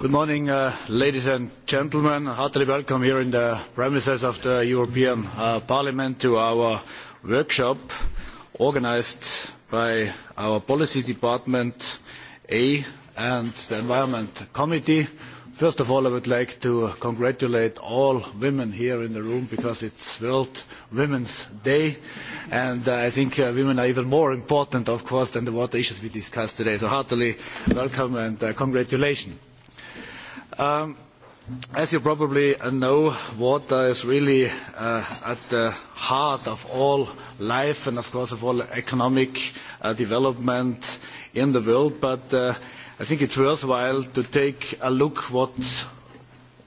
Good morning, ladies and gentlemen. Heartily welcome here in the premises of the European Parliament to our workshop organised by our Policy Department A and the Environment Committee. First of all, I would like to congratulate all women here in the room because it's World Women's Day, and I think women are even more important, of course, than the water issues we discussed today. So heartily welcome and congratulations. As you probably know, water is really at the heart of all life and, of course, of all economic development in the world. But I think it's worthwhile to take a look what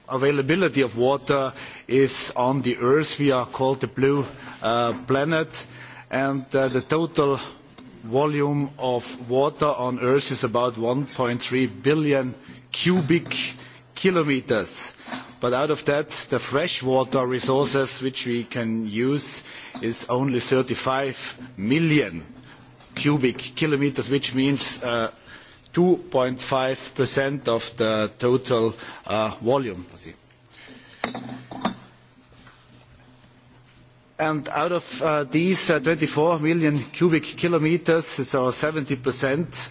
availability of water is on the Earth. We are called the blue planet, and the total volume of water on Earth is about one three billion cubic kilometers. But out of that, the freshwater resources which we can use is only 35 million cubic kilometers, which means uh, 2.5% of the total volume. And out of these 24 million cubic kilometers, it's 70%,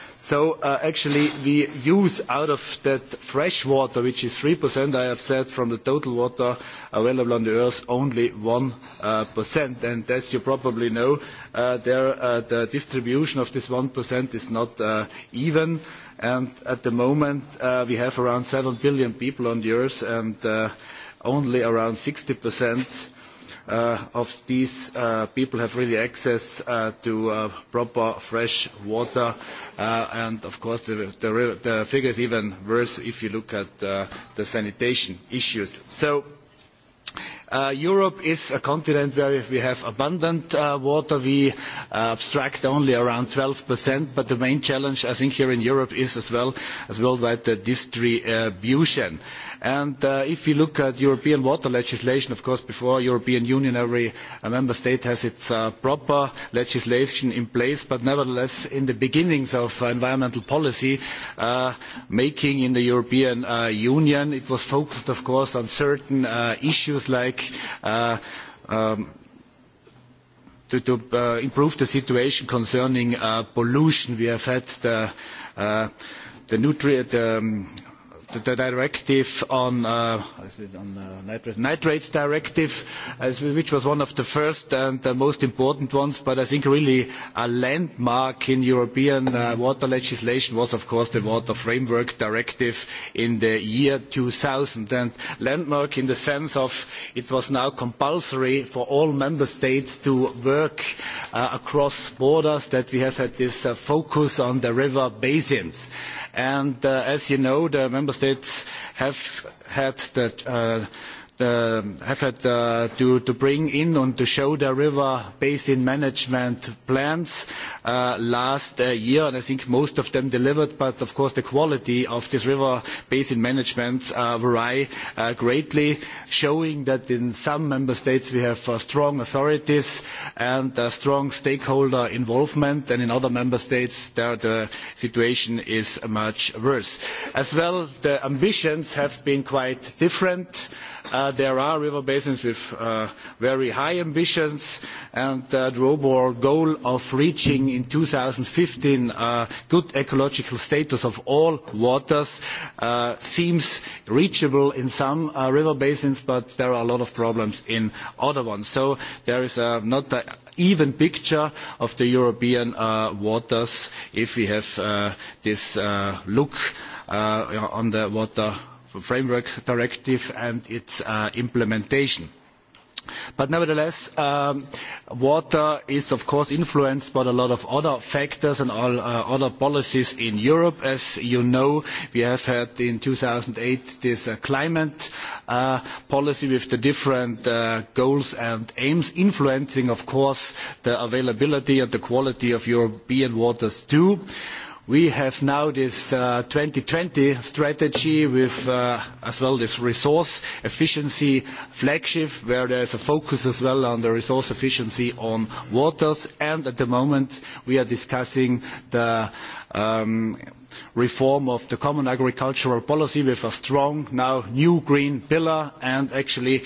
So actually, the use out of that fresh water, which is 3%, I have said, from the total water available on the Earth, only 1%. And as you probably know, the distribution of this 1% is not even. And at the moment, we have around 7 billion people on the Earth, and only around 60% of these people have really access to proper fresh water. and of course, the, the, the figure is even worse if you look at the sanitation issues. So Europe is a continent where we have abundant water. We abstract only around 12%, but the main challenge, I think, here in Europe is as well as worldwide the distribution. Uh, And if you look at European water legislation, of course, before the European Union, every member state has its proper legislation in place. But nevertheless, in the beginnings of environmental policy making in the European Union, it was focused, of course, on certain issues like to improve the situation concerning pollution. We have had the the directive on nitrates directive, which was one of the first and the most important ones, but I think really a landmark in European water legislation was, of course, the Water Framework Directive in the year two thousand. And landmark in the sense of it was now compulsory for all member states to work across borders, that we have had this focus on the river basins. And as you know, the member States have had the effort to bring in and to show the river basin management plans last year, and I think most of them delivered. But of course, the quality of this river basin management vary greatly, showing that in some member states we have strong authorities and strong stakeholder involvement, and in other member states the situation is much worse. As well, the ambitions have been quite different there are river basins with very high ambitions, and the overall goal of reaching in fifteen good ecological status of all waters seems reachable in some river basins, but there are a lot of problems in other ones. So there is not an even picture of the European waters if we have this look on the water framework directive and its implementation. But nevertheless, water is of course influenced by a lot of other factors and other policies in Europe. As you know, we have had in two thousand eight this climate policy with the different goals and aims influencing, of course, the availability and the quality of European waters too We have now this uh, 2020 strategy with as well this resource efficiency flagship, where there is a focus as well on the resource efficiency on waters. And at the moment, we are discussing the reform of the common agricultural policy with a strong now new green pillar and actually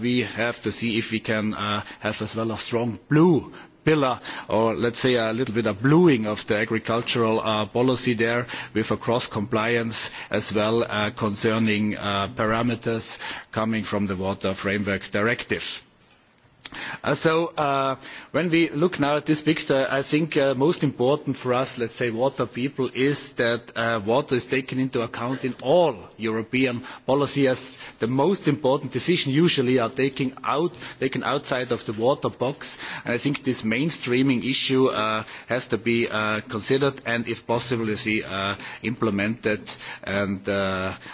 we have to see if we can have as well a strong blue pillar or let's say a little bit of blueing of the agricultural policy there with a cross compliance as well concerning parameters coming from the water framework directive So When we look now at this picture, I think most important for us, let's say water people, is that water is taken into account in all European policy as the most important decision usually are taken outside of the water box. and I think this mainstreaming issue has to be considered and, if possible, implemented and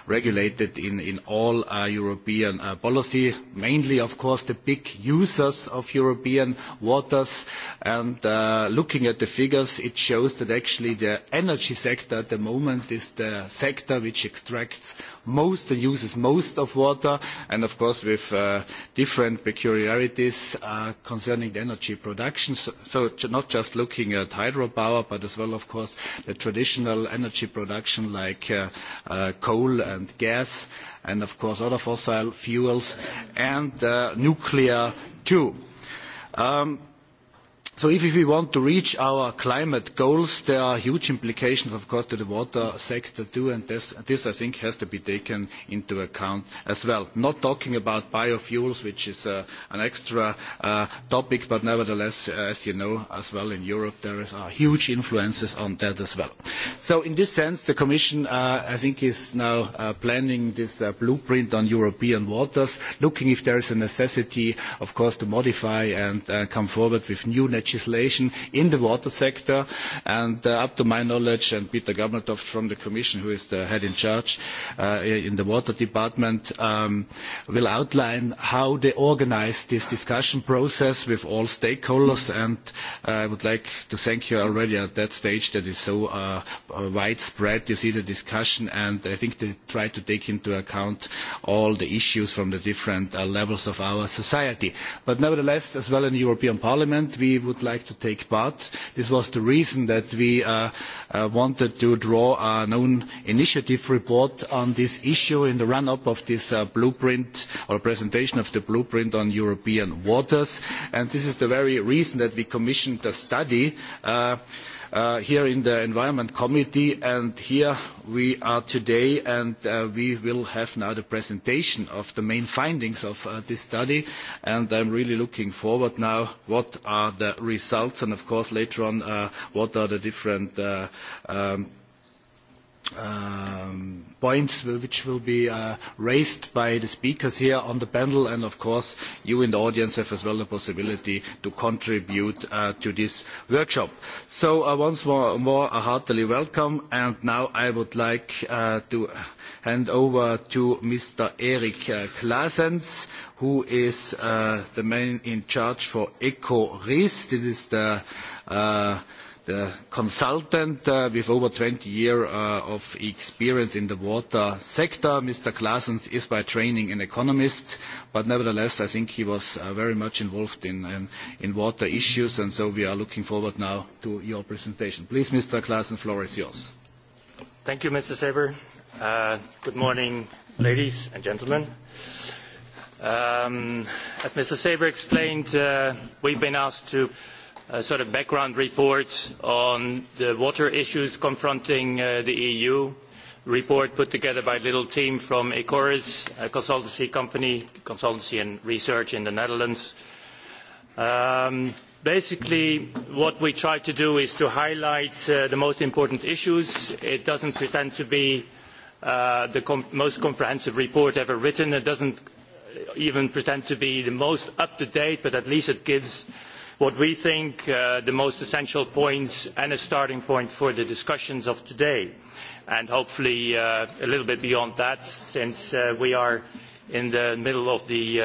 regulated in all European policy, mainly, of course, the big use users of European waters. And looking at the figures, it shows that actually the energy sector at the moment is the sector which extracts most and uses most of water, and of course with different peculiarities concerning the energy production. So not just looking at hydropower, but as well, of course, the traditional energy production like coal and gas, and of course other fossil fuels, and nuclear two. Um, So if we want to reach our climate goals, there are huge implications, of course, to the water sector too, and this, I think, has to be taken into account as well. Not talking about biofuels, which is an extra topic, but nevertheless, as you know, as well in Europe, there are huge influences on that as well. So in this sense, the Commission, I think, is now planning this blueprint on European waters, looking if there is a necessity, of course, to modify and come forward with new legislation in the water sector. And up to my knowledge, and Peter Gabertov from the Commission, who is the head in charge in the water department, will outline how they organise this discussion process with all stakeholders. And I would like to thank you already at that stage that is so widespread. You see the discussion, and I think they try to take into account all the issues from the different levels of our society. But nevertheless, as well in the European Parliament, we would would like to take part. This was the reason that we wanted to draw our own initiative report on this issue in the run-up of this blueprint or presentation of the blueprint on European waters. And this is the very reason that we commissioned a study uh, here in the Environment Committee, and here we are today, and we will have now the presentation of the main findings of this study, and I'm really looking forward now what are the results, and of course later on what are the different points which will be raised by the speakers here on the panel and of course you in the audience have as well the possibility to contribute to this workshop. So once more a heartily welcome and now I would like to hand over to Mr. Erik Klaasens who is the man in charge for ECORIS. This is the consultant with over twenty years of experience in the water sector. Mr. Claessens is by training an economist, but nevertheless, I think he was very much involved in water issues, and so we are looking forward now to your presentation. Please, Mr. Claessens, the floor is yours. Thank you, Mr. Seber. Good morning, ladies and gentlemen. As Mr. Seber explained, we've been asked to sort of background report on the water issues confronting the EU, report put together by a little team from Ecoris, a consultancy company, consultancy and research in the Netherlands. basically, what we try to do is to highlight the most important issues. It does not pretend to be the most comprehensive report ever written. It does not even pretend to be the most up-to-date, but at least it gives what we think the most essential points and a starting point for the discussions of today and hopefully a little bit beyond that since we are in the middle of the,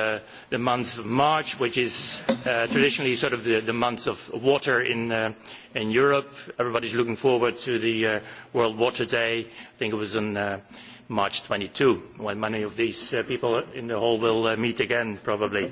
month of March, which is traditionally sort of the, the month of water in, in Europe. Everybody's looking forward to the World Water Day. I think it was on uh, March 22 when many of these people in the hall will meet again probably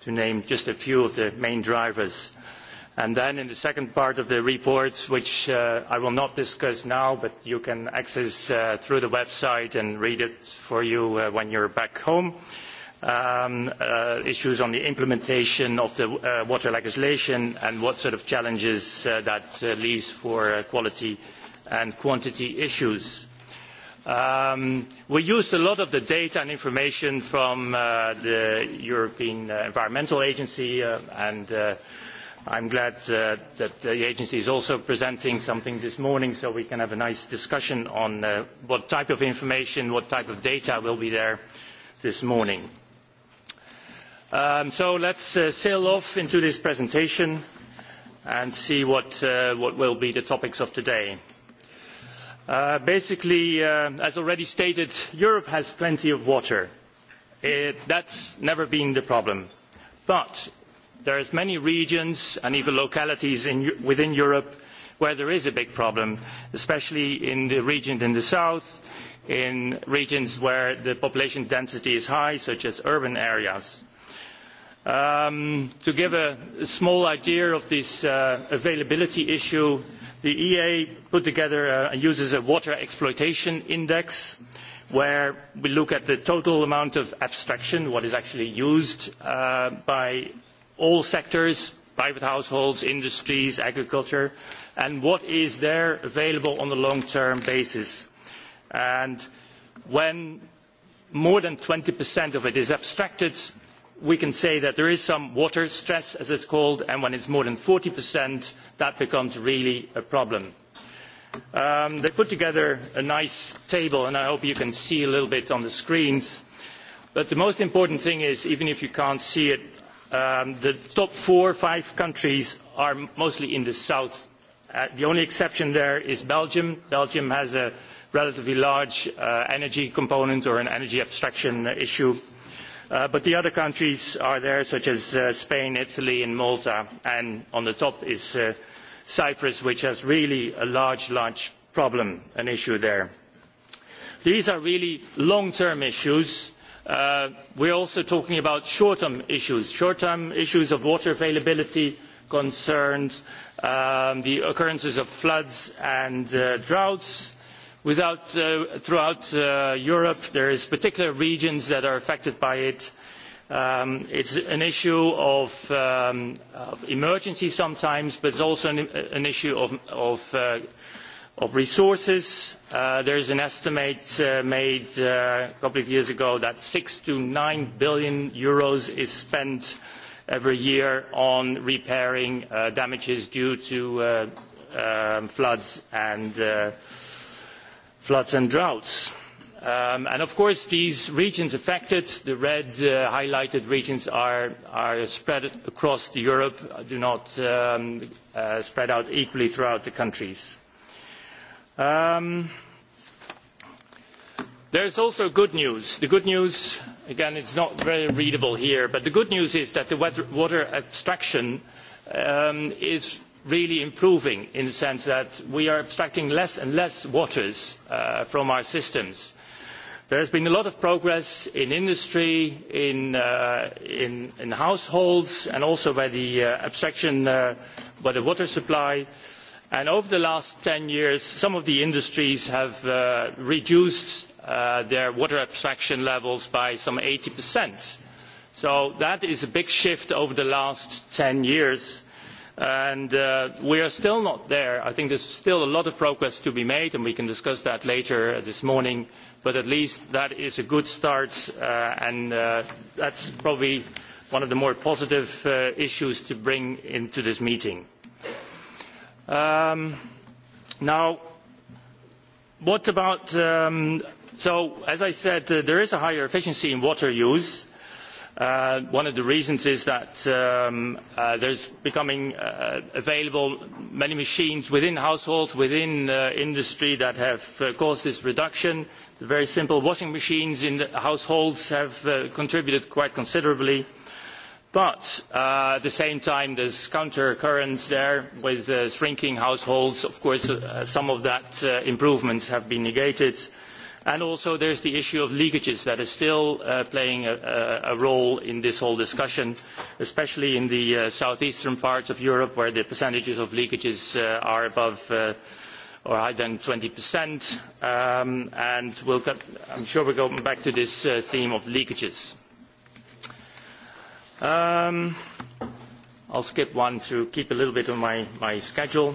to name just a few of the main drivers. then in the second part of the report, which I will not discuss now, but you can access through the website and read it for you when you are back home, issues on the implementation of the water legislation and what sort of challenges that leaves for quality and quantity issues we used a lot of the data and information from the European Environmental Agency, and uh, I'm glad that the agency is also presenting something this morning so we can have a nice discussion on what type of information, what type of data will be there this morning. so let's uh, sail off into this presentation and see what, will be the topics of today basically, as already stated, Europe has plenty of water. That has never been the problem. But there are many regions and even localities within Europe where there is a big problem, especially in the regions in the south, in regions where the population density is high, such as urban areas. to give a small idea of this availability issue, the EA put together and uses a water exploitation index where we look at the total amount of abstraction, what is actually used by all sectors, private households, industries, agriculture, and what is there available on a long-term basis. And when more than twenty of it is abstracted, we can say that there is some water stress, as it is called, and when it is more than forty that becomes really a problem. they put together a nice table, and I hope you can see a little bit on the screens. But the most important thing is, even if you can't see it, the top four or five countries are mostly in the south. the only exception there is Belgium. Belgium has a relatively large energy component or an energy abstraction issue but the other countries are there such as spain italy and malta and on the top is cyprus which has really a large problem an issue there. these are really long term issues. we are also talking about short term issues short term issues of water availability concerns the occurrences of floods and droughts throughout europe there are particular regions that are affected by it. it is an issue of emergency sometimes but it is also an issue of resources. there is an estimate made a couple of years ago that eur six to nine billion is spent every year on repairing damages due to floods and floods and droughts. and of course, these regions affected, the red highlighted regions, are, are spread across Europe, do not spread out equally throughout the countries. there is also good news. The good news, again, it's not very readable here, but the good news is that the water extraction is really improving in the sense that we are abstracting less and less water from our systems. There has been a lot of progress in industry, in, households, and also by the abstraction by the water supply. And over the last ten years, some of the industries have reduced their water abstraction levels by some 80%. So that is a big shift over the last ten years and we are still not there. i think there is still a lot of progress to be made and we can discuss that later this morning but at least that is a good start and that is probably one of the more positive issues to bring into this meeting. now what about so as i said there is a higher efficiency in water use one of the reasons is that there are becoming available many machines within households within industry that have caused this reduction. the very simple washing machines in households have contributed quite considerably but at the same time there are counter currents there with shrinking households. of course some of those improvements have been negated and also there is the issue of leakages that is still playing a role in this whole discussion especially in the south eastern parts of europe where the percentages of leakages are above or higher than twenty and we'll am sure we'll go back to this theme of leakages. I will skip one to keep a little bit on my schedule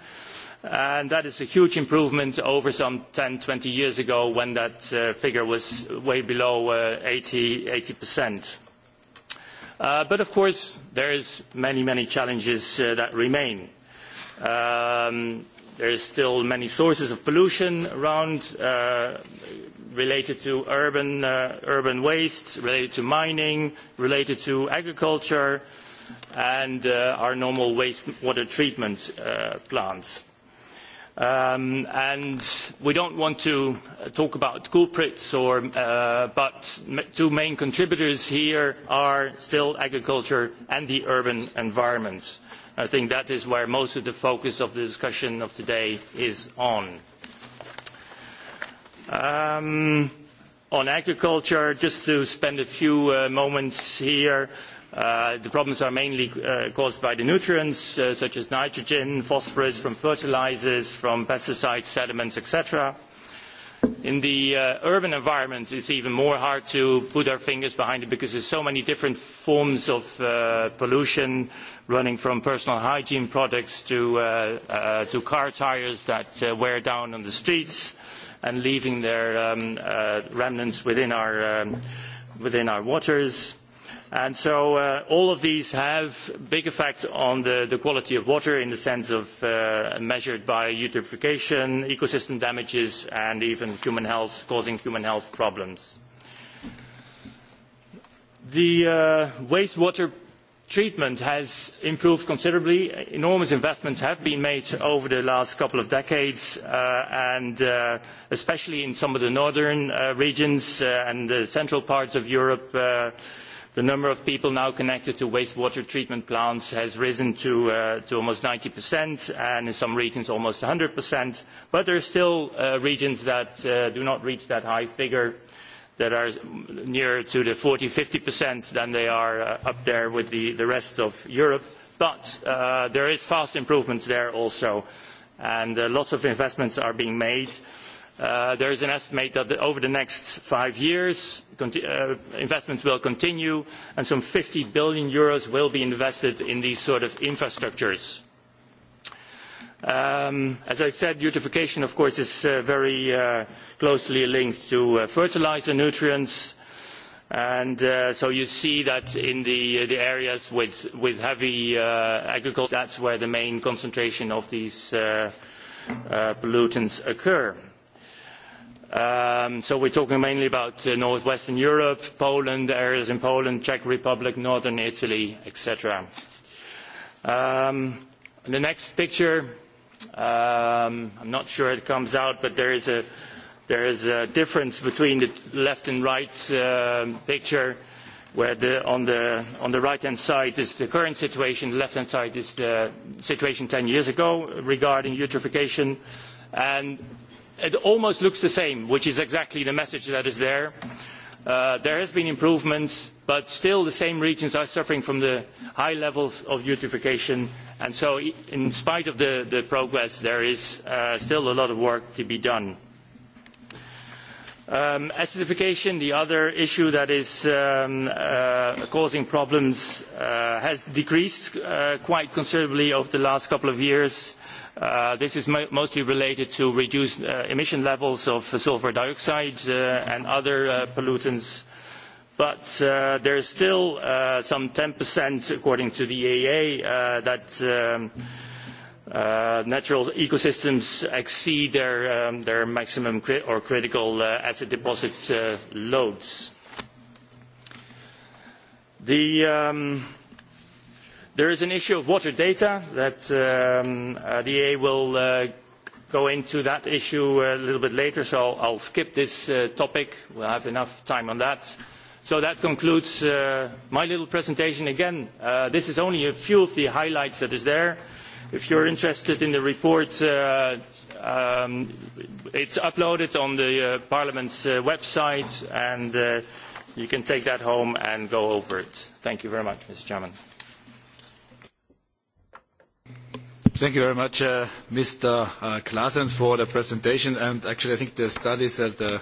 and that is a huge improvement over some ten twenty years ago when that figure was way below eighty 80%. But of course, there is many, many challenges that remain. There is still many sources of pollution around related to urban waste, related to mining, related to agriculture, and our normal wastewater treatment plants and we do not want to talk about culprits but the two main contributors here are still agriculture and the urban environment. i think that is where most of the focus of the discussion of today is on. on agriculture just to spend a few moments here the problems are mainly caused by the nutrients such as nitrogen, phosphorus from fertilisers, from pesticides, sediments, etc. In the urban environments, it is even more hard to put our fingers behind it because there are so many different forms of pollution, running from personal hygiene products to car tyres that wear down on the streets and leaving their remnants within our waters And so all of these have big effect on the, quality of water in the sense of measured by eutrophication, ecosystem damages, and even human health, causing human health problems. The wastewater treatment has improved considerably. Enormous investments have been made over the last couple of decades, and especially in some of the northern regions and the central parts of Europe, The number of people now connected to wastewater treatment plants has risen to, almost ninety and in some regions almost one hundred but there are still regions that do not reach that high figure that are nearer to the fifty percent than they are up there with the, rest of Europe. But there is fast improvement there also, and lots of investments are being made. There is an estimate that over the next five years, investments will continue, and some 50 billion euros will be invested in these sort of infrastructures. As I said, eutrophication, of course, is very closely linked to fertilizer nutrients. And so you see that in the areas with heavy agriculture, that's where the main concentration of these pollutants occur so we are talking mainly about north western europe poland areas in poland czech republic northern italy etc. the next picture i am not sure it comes out but there is a difference between the left and right picture where on the right hand side is the current situation the left hand side is the situation ten years ago regarding eutrophication and it almost looks the same, which is exactly the message that is there. there has been improvements, but still the same regions are suffering from the high levels of eutrophication. And so in spite of the, the progress, there is still a lot of work to be done. acidification, the other issue that is causing problems, has decreased quite considerably over the last couple of years this is mostly related to reduced emission levels of sulfur dioxide and other pollutants. But there is still some 10%, according to the EAA, that natural ecosystems exceed their maximum or critical acid deposit loads. The There is an issue of water data that the eea will go into that issue a little bit later, so I'll skip this topic. We'll have enough time on that. So that concludes my little presentation. Again, this is only a few of the highlights that are there. If you are interested in the report, it's uploaded on the Parliament's website, and you can take that home and go over it. Thank you very much, Mr. Chairman. Thank you very much, Mr. Claessens, for the presentation. And Actually, I think the studies and the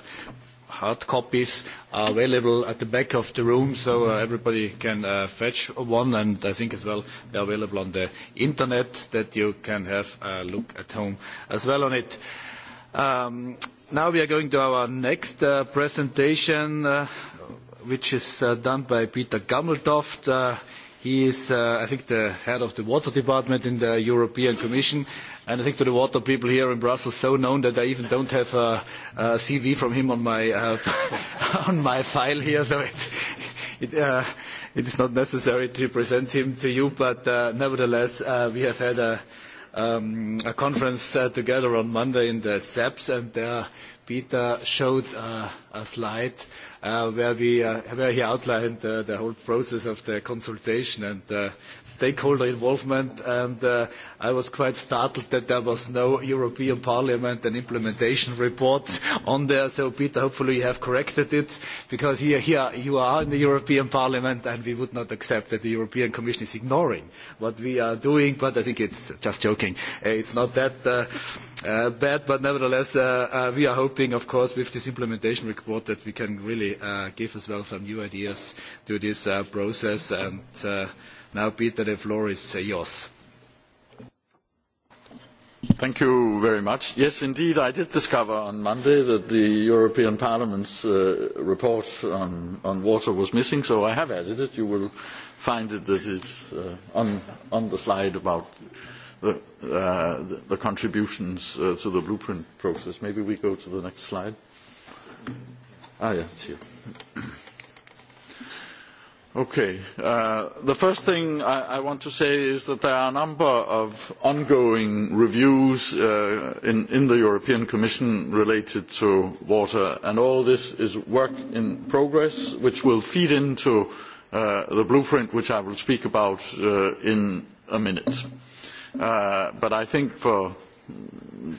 hard copies are available at the back of the room, so everybody can fetch one. And I think as well, they're available on the internet, that you can have a look at home as well on it. Now we are going to our next presentation, which is done by Peter Gammeltoft He is, I think, the head of the water department in the European Commission. And I think to the water people here in Brussels, so known that I even don't have a, CV from him on my, on my file here. So it, it, it is not necessary to present him to you. But nevertheless, we have had a, a conference together on Monday in the SEPS, and there Peter showed a slide where we outlined the whole process of the consultation and stakeholder involvement. and I was quite startled that there was no European Parliament and implementation report on there. So Peter, hopefully you have corrected it, because here you are in the European Parliament, and we would not accept that the European Commission is ignoring what we are doing. But I think it's just joking. It's not that bad, but nevertheless, we are hoping, of course, with this implementation report, that we can really actually uh, give as well some new ideas to this uh, process. And uh, now, Peter, the floor is yours. Thank you very much. Yes, indeed, I did discover on Monday that the European Parliament's report on, water was missing, so I have added it. You will find it that it's uh, on, on the slide about the, the contributions to the blueprint process. Maybe we go to the next slide. Ah, it's here. Okay. The first thing I want to say is that there are a number of ongoing reviews in the European Commission related to water, and all this is work in progress, which will feed into the blueprint, which I will speak about in a minute. But I think for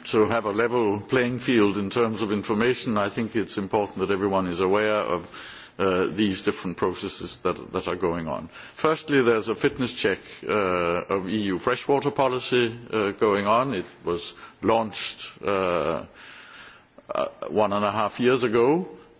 to have a level playing field in terms of information, I think it is important that everyone is aware of these different processes that, are going on. Firstly, there is a fitness check of EU freshwater policy going on. It was launched one and a half years ago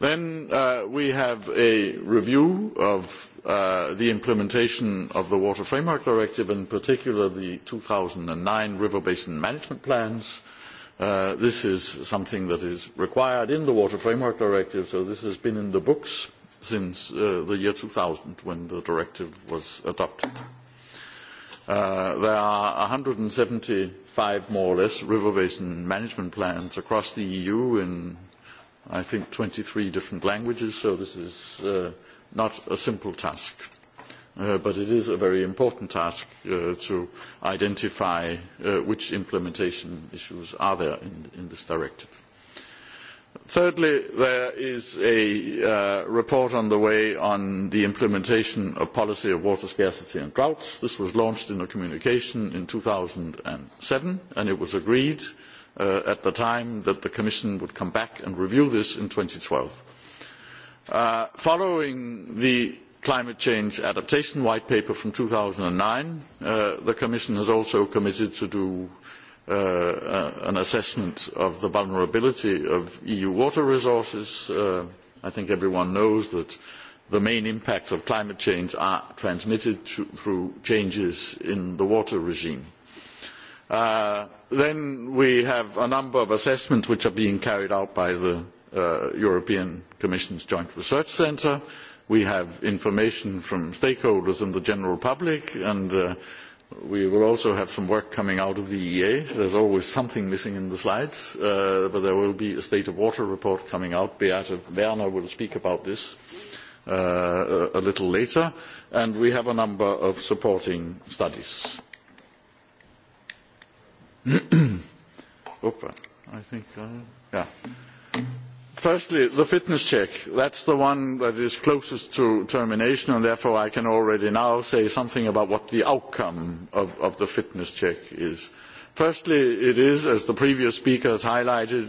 Then we have a review of the implementation of the Water Framework Directive, in particular the two thousand nine River Basin Management Plans. this is something that is required in the Water Framework Directive, so this has been in the books since the year two thousand when the directive was adopted. There are one hundred and seventy five more or less river basin management plans across the EU in I think, twenty three different languages, so this is not a simple task. but it is a very important task to identify which implementation issues are there in, this directive. Thirdly, there is a report on the way on the implementation of policy of water scarcity and droughts. This was launched in a communication in two thousand seven and it was agreed uh, at the time that the Commission would come back and review this in twelve. Following the Climate Change Adaptation White Paper from two thousand nine, the Commission has also committed to do an assessment of the vulnerability of EU water resources. I think everyone knows that the main impacts of climate change are transmitted through changes in the water regime then we have a number of assessments which are being carried out by the European Commission's Joint Research Centre. We have information from stakeholders and the general public, and we will also have some work coming out of the EEA. There is always something missing in the slides, but there will be a state of water report coming out. Beate Werner will speak about this a little later, and we have a number of supporting studies firstly the fitness check that is the one that is closest to termination and therefore i can already now say something about what the outcome of the fitness check is firstly it is as the previous speaker has highlighted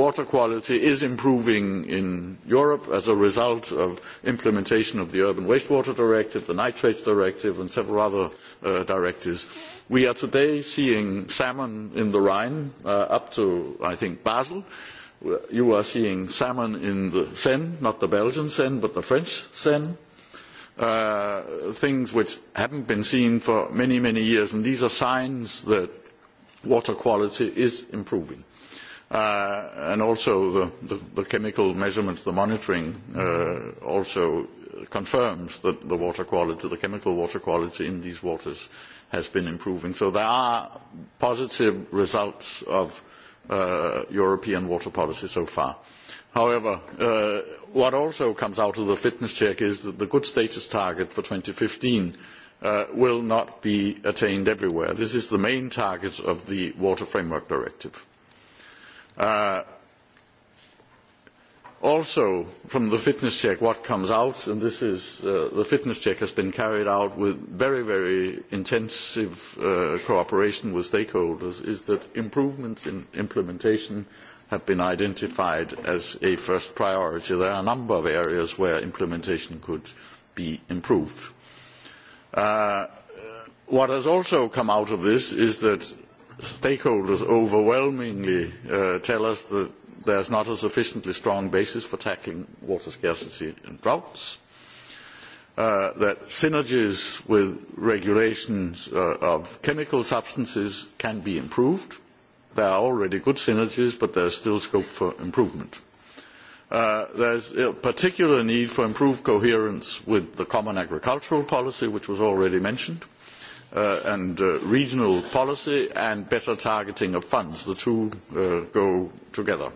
water quality is improving in europe as a result of implementation of the urban wastewater directive the nitrates directive and several other directives. we are today seeing salmon in the rhine up to i think basel you are seeing salmon in the seine not the belgian seine but the french seine things which have not been seen for many many years and these are signs that water quality is improving. and also the, chemical measurements, the monitoring also confirms that the water quality, the chemical water quality in these waters has been improving. So there are positive results of European water policy so far. However, what also comes out of the fitness check is that the good status target for fifteen will not be attained everywhere. This is the main target of the Water Framework Directive. also, from the fitness check, what comes out, and this is, the fitness check has been carried out with very, very intensive cooperation with stakeholders, is that improvements in implementation have been identified as a first priority. There are a number of areas where implementation could be improved what has also come out of this is that stakeholders overwhelmingly tell us that there is not a sufficiently strong basis for tackling water scarcity and droughts, that synergies with regulations of chemical substances can be improved. There are already good synergies, but there is still scope for improvement there is a particular need for improved coherence with the common agricultural policy which was already mentioned and regional policy and better targeting of funds. the two go together.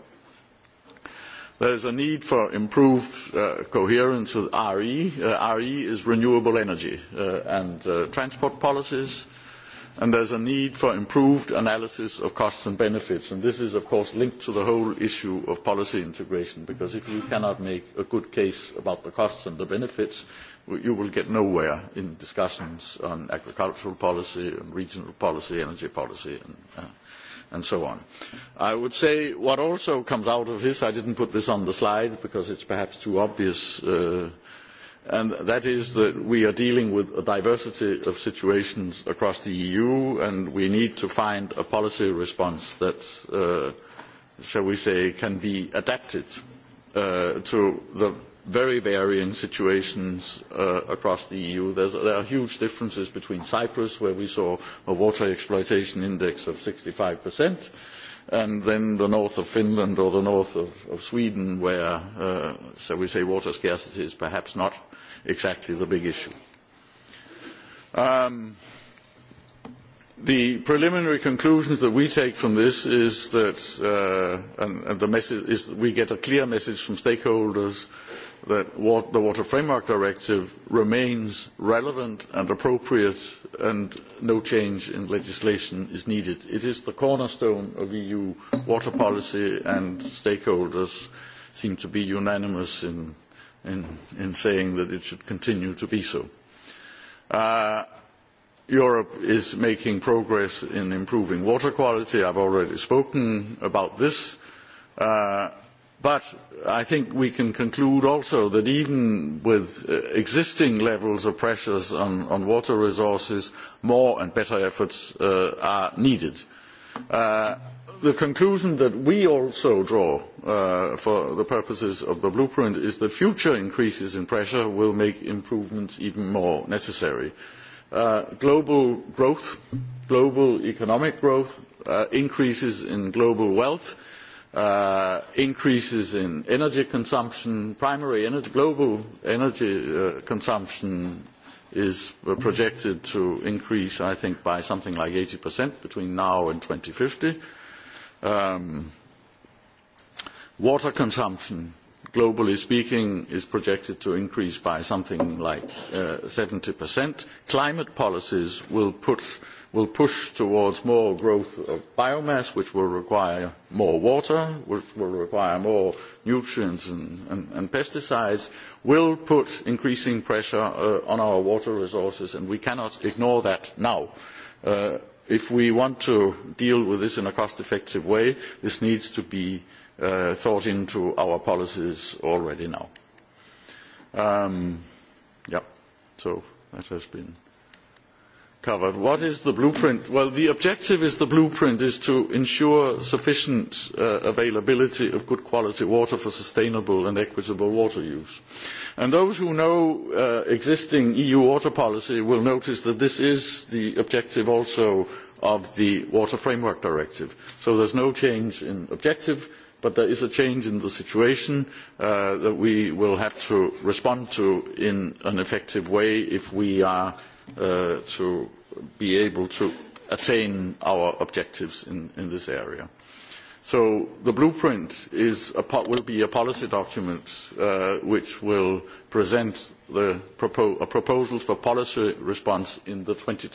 there is a need for improved coherence with re. re is renewable energy and transport policies and there is a need for improved analysis of costs and benefits. this is of course linked to the whole issue of policy integration because if you cannot make a good case about the costs and the benefits you will get nowhere in discussions on agricultural policy regional policy energy policy and so on. I would say what also comes out of this, I did not put this on the slide because it is perhaps too obvious and that is that we are dealing with a diversity of situations across the EU, and we need to find a policy response that, shall we say, can be adapted to the very varying situations across the EU. there are huge differences between Cyprus, where we saw a water exploitation index of sixty five and then the north of Finland or the north of Sweden, where, shall we say, water scarcity is perhaps not exactly the big issue. The preliminary conclusions that we take from this is that, and the message is that we get a clear message from stakeholders that the Water Framework Directive remains relevant and appropriate and no change in legislation is needed. It is the cornerstone of EU water policy, and stakeholders seem to be unanimous in, saying that it should continue to be so. Europe is making progress in improving water quality. I have already spoken about this. Uh, But I think we can conclude also that even with existing levels of pressures on water resources, more and better efforts are needed. The conclusion that we also draw for the purposes of the blueprint is that future increases in pressure will make improvements even more necessary. Global growth, global economic growth, increases in global wealth, increases in energy consumption, primary energy, global energy consumption is projected to increase, I think, by something like 80% between now and 2050. Um, water consumption, globally speaking, is projected to increase by something like uh, 70%. Climate policies will put will push towards more growth of biomass, which will require more water, which will require more nutrients and pesticides, will put increasing pressure on our water resources, and we cannot ignore that now. If we want to deal with this in a cost-effective way, this needs to be thought into our policies already now. That has been covered. What is the blueprint? Well, the objective is the blueprint is to ensure sufficient availability of good quality water for sustainable and equitable water use. And those who know existing EU water policy will notice that this is the objective also of the Water Framework Directive. So there is no change in objective, but there is a change in the situation that we will have to respond to in an effective way if we are to be able to attain our objectives in, this area. So the blueprint will be a policy document which will present the a proposal for policy response in the twenty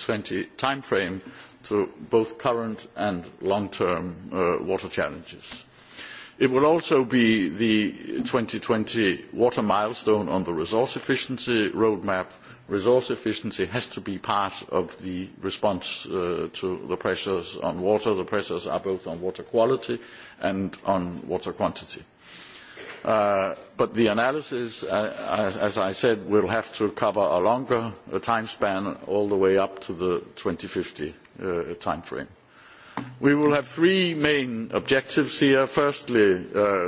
timeframe to both current and long-term water challenges. It will also be the twenty water milestone on the resource efficiency roadmap resource efficiency has to be part of the response to the pressures on water. The pressures are both on water quality and on water quantity. But the analysis, as I said, will have to cover a longer time span all the way up to the 2050 frame. We will have three main objectives here. Firstly,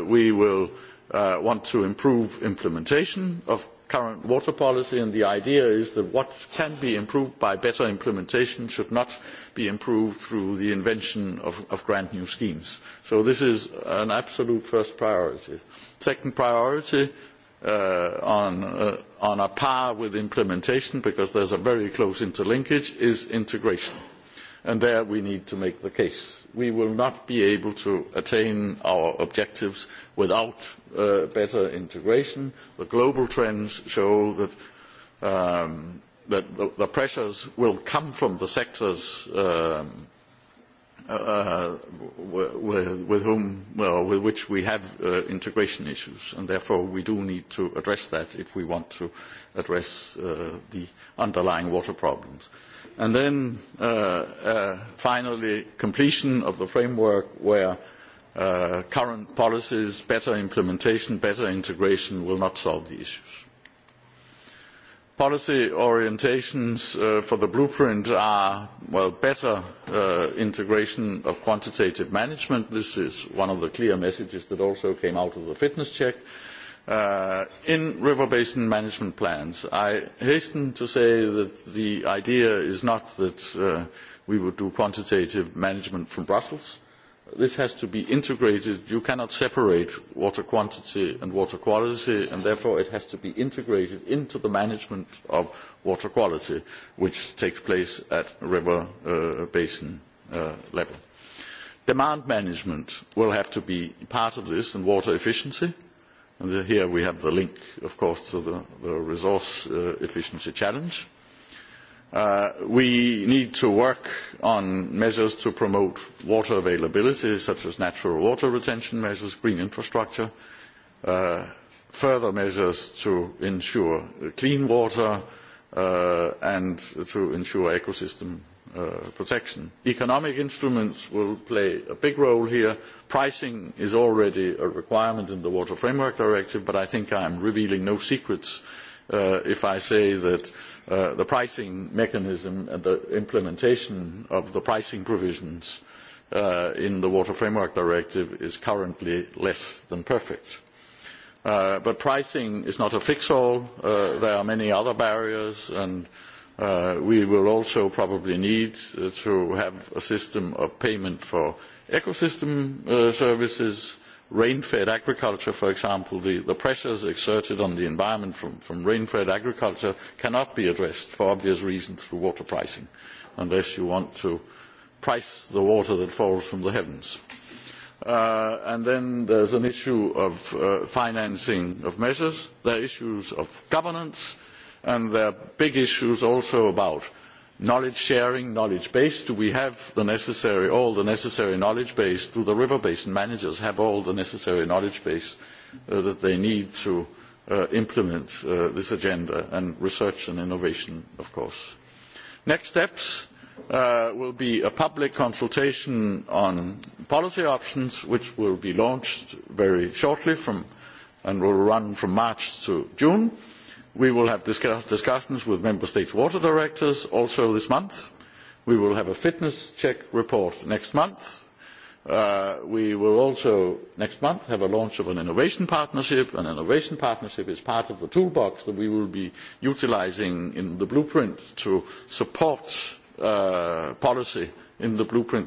we will want to improve implementation of current water policy and the idea is that what can be improved by better implementation should not be improved through the invention of grand new schemes. So this is an absolute first priority. Second priority on a par with implementation because there is a very close interlinkage is integration. And there we need to make the case. We will not be able to attain our objectives without better integration. The global trends show that, the, pressures will come from the sectors with, whom, well, with which we have integration issues, and therefore we do need to address that if we want to address the underlying water problems. And then finally, completion of the framework where current policies, better implementation, better integration will not solve the issues. Policy orientations for the blueprint are better integration of quantitative management. This is one of the clear messages that also came out of the fitness check. In river basin management plans, I hasten to say that the idea is not that we would do quantitative management from Brussels this has to be integrated. You cannot separate water quantity and water quality, and therefore it has to be integrated into the management of water quality, which takes place at river basin level. Demand management will have to be part of this, and water efficiency. And here we have the link, of course, to the, resource efficiency challenge we need to work on measures to promote water availability, such as natural water retention measures, green infrastructure, further measures to ensure clean water and to ensure ecosystem protection. Economic instruments will play a big role here. Pricing is already a requirement in the Water Framework Directive, but I think I am revealing no secrets if I say that the pricing mechanism and the implementation of the pricing provisions in the Water Framework Directive is currently less than perfect. But pricing is not a fix-all. There are many other barriers, and we will also probably need to have a system of payment for ecosystem services rain-fed agriculture, for example, the, the pressures exerted on the environment from, rain-fed agriculture cannot be addressed for obvious reasons through water pricing, unless you want to price the water that falls from the heavens. and then there is an issue of financing of measures, there are issues of governance, and there are big issues also about knowledge sharing, knowledge base? Do we have the necessary, all the necessary knowledge base? Do the river basin managers have all the necessary knowledge base that they need to implement this agenda and research and innovation, of course? Next steps will be a public consultation on policy options, which will be launched very shortly and will run from March to June we will have discussions with member states' water directors also this month. we will have a fitness check report next month. we will also next month have a launch of an innovation partnership. an innovation partnership is part of the toolbox that we will be utilising in the blueprint to support policy in the blueprint.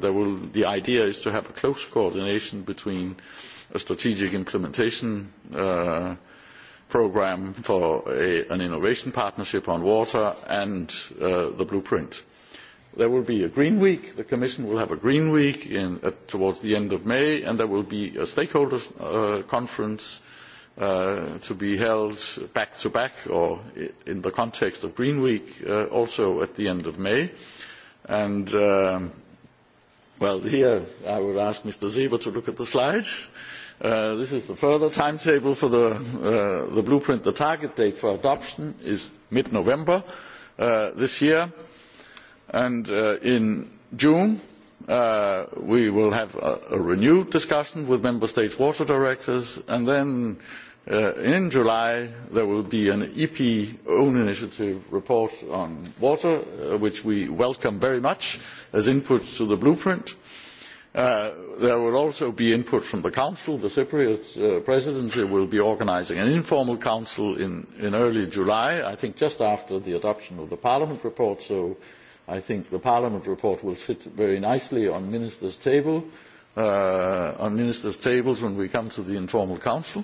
the idea is to have close coordination between a strategic implementation programme for an innovation partnership on water and the blueprint. There will be a Green Week. The Commission will have a Green Week towards the end of May, and there will be a stakeholders conference to be held back to back or in the context of Green Week also at the end of May. And well, here I would ask Mr. Zeber to look at the slides. This is the further timetable for the blueprint. The target date for adoption is mid-November this year. and In June, we will have a renewed discussion with member states' water directors, and then in July, there will be an EP own initiative report on water, which we welcome very much as input to the blueprint there will also be input from the council. the cypriot presidency will be organising an informal council in, early july, i think just after the adoption of the parliament report. so i think the parliament report will sit very nicely on ministers' tables when we come to the informal council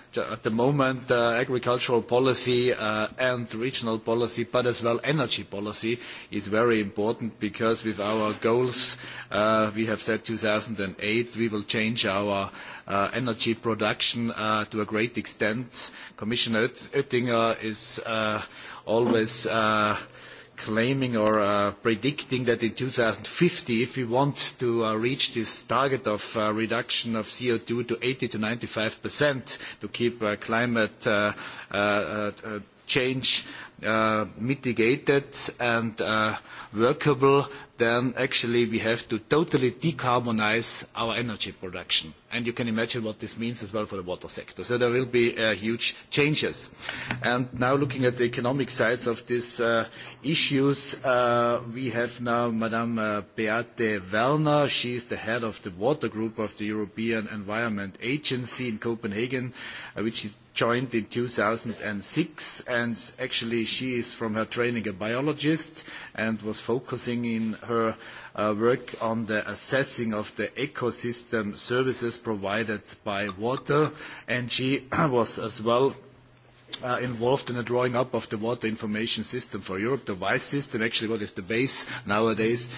At the moment, agricultural policy and regional policy, but as well energy policy, is very important because with our goals, we have set 2008, we will change our energy production to a great extent. Commissioner Oettinger is always claiming or predicting that in 2050, if we want to reach this target of reduction of CO2 to 80%-95% to keep climate change mitigated and workable, then actually we have to totally decarbonise our energy production. And you can imagine what this means as well for the water sector. So there will be huge changes. And now looking at the economic sides of these issues, we have now Madame Beate Wellner. She is the head of the water group of the European Environment Agency in Copenhagen, which she joined in 2006 and actually she is from her training a biologist and was focusing in her work on the assessing of the ecosystem services provided by water, and she was as well involved in the drawing up of the Water Information System for Europe, the WISE system, actually what is the base nowadays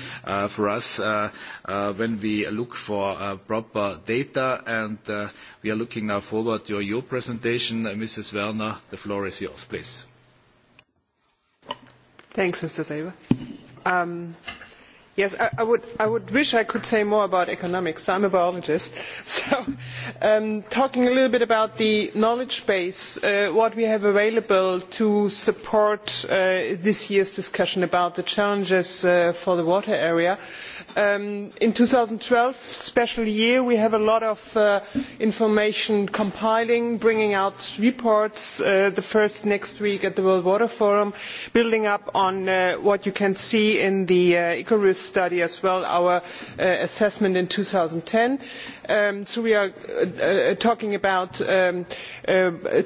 for us when we look for proper data. And we are looking now forward to your presentation. Mrs. Werner, the floor is yours, please. Thanks, Mr. Saber. Yes, I, I, would, I would wish I could say more about economics. I am a biologist. So, talking a little bit about the knowledge base, what we have available to support this year's discussion about the challenges for the water area in two thousand and twelve special year we have a lot of information compiling bringing out reports the first next week at the world water forum building up on what you can see in the icarus study as well as our assessment in two thousand and ten so we are talking about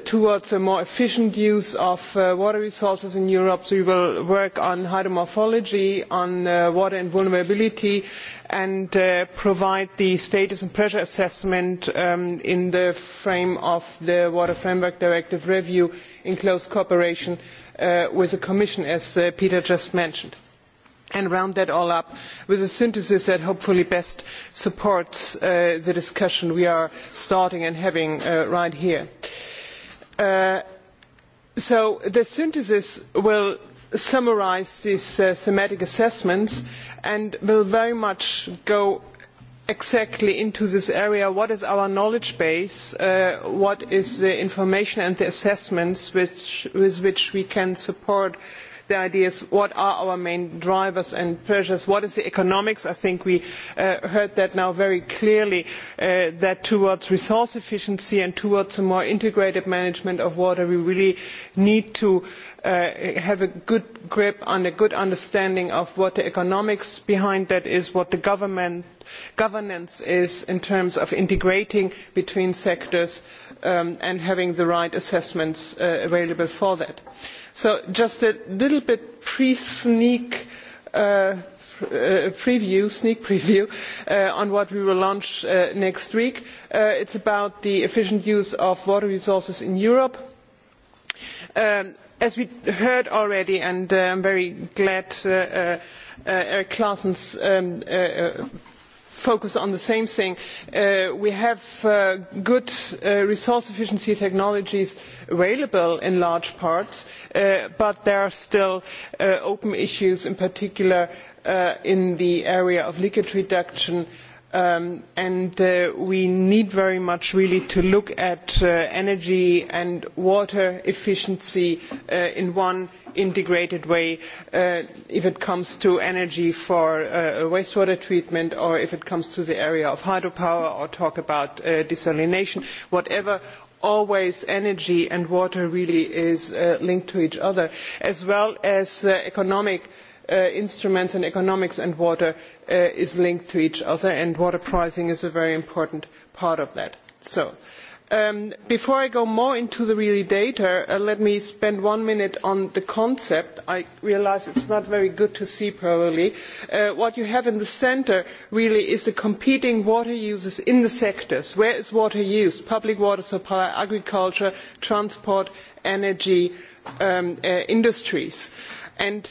towards a more efficient use of water resources in europe so we will work on hydromorphology on water and vulnerability and provide the status and pressure assessment in the frame of the water framework directive review in close cooperation with the commission as peter just mentioned and round that all up with a synthesis that hopefully best supports the discussion we are starting and having right here. so the synthesis will summarise these thematic assessments and will very much go exactly into this area what is our knowledge base what is the information and the assessments with which we can support uh, the idea is what are our main drivers and pressures, what is the economics. I think we heard that now very clearly that towards resource efficiency and towards a more integrated management of water, we really need to have a good grip and a good understanding of what the economics behind that is, what the governance is in terms of integrating between sectors and having the right assessments available for that. So just a little bit pre-sneak sneak preview on what we will launch next week. It's about the efficient use of water resources in Europe. As we heard already, and I am very glad Eric Claessen's focus on the same thing. we have good resource efficiency technologies available in large parts, but there are still open issues, in particular in the area of leakage reduction, and we need very much really to look at energy and water efficiency in one integrated way if it comes to energy for wastewater treatment or if it comes to the area of hydropower or talk about desalination whatever always energy and water really is linked to each other as well as economic instruments and economics and water is linked to each other and water pricing is a very important part of that. before I go more into the real data, let me spend one minute on the concept. I realise it is not very good to see probably. what you have in the centre really is the competing water uses in the sectors. Where is water used? Public water supply, agriculture, transport, energy, industries. And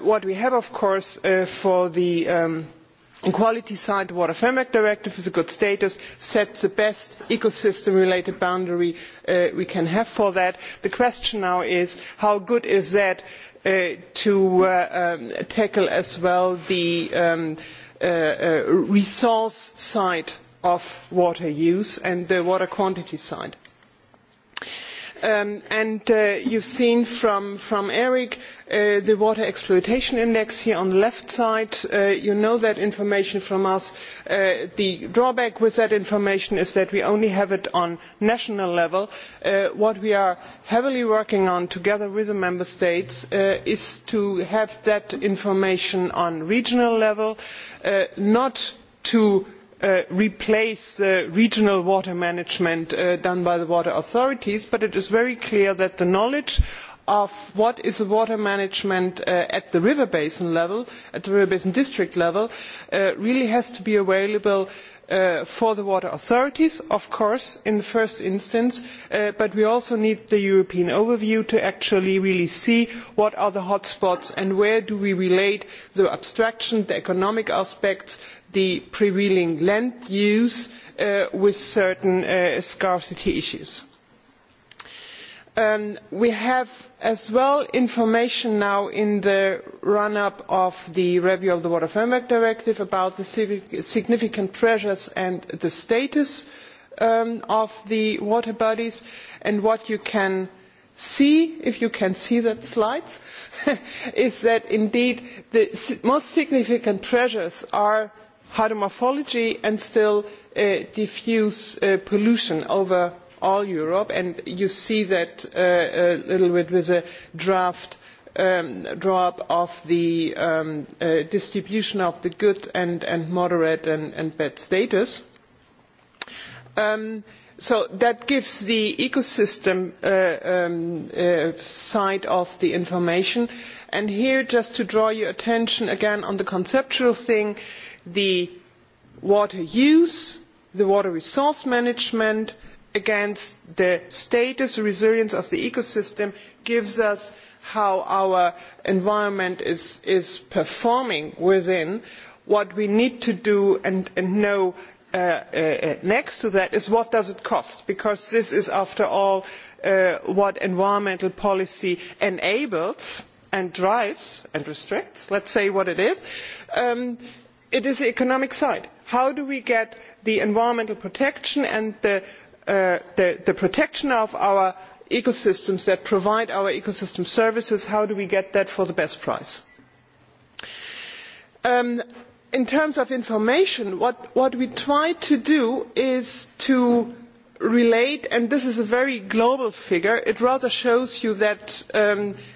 what we have of course for the Equality side, the Water Framework Directive is a good status, sets the best ecosystem-related boundary we can have for that. The question now is, how good is that to tackle as well the resource side of water use and the water quantity side? and you have seen from eric the water exploitation index here on the left side you know that information from us. the drawback with that information is that we only have it at national level. what we are heavily working on together with the member states is to have that information at regional level not to replace the regional water management done by the water authorities but it is very clear that the knowledge of what is water management at the river basin level at the river basin district level really has to be available for the water authorities of course in the first instance but we also need the european overview to actually really see what are the hot spots and where we relate the abstraction the economic aspects the prevailing land use with certain scarcity issues we have as well information now in the run up of the review of the water framework directive about the significant pressures and the status of the water bodies and what you can see if you can see the slides is that indeed the most significant pressures are hydromorphology and still diffuse pollution over all Europe, and you see that a little bit with a draft draw up of the distribution of the good and moderate and bad status. So That gives the ecosystem side of the information. and Here, just to draw your attention again on the conceptual thing, the water use, the water resource management, against the status resilience of the ecosystem gives us how our environment is, performing within. What we need to do and know next to that is what does it cost because this is after all what environmental policy enables and drives and restricts let us say what it is it is the economic side how do we get the environmental protection and the the protection of our ecosystems that provide our ecosystem services how do we get that for the best price? in terms of information what we try to do is to relate and this is a very global figure it rather shows you that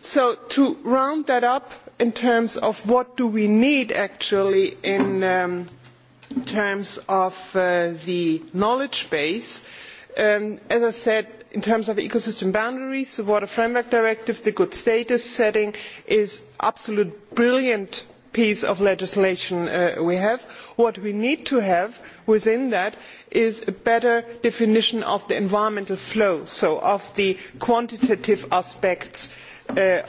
so to round that up in terms of what do we need actually in terms of the knowledge base, as I said, in terms of ecosystem boundaries, the Water Framework Directive, the good status setting is absolutely brilliant piece of legislation we have. what we need to have within that is a better definition of the environmental flow so of the quantitative aspects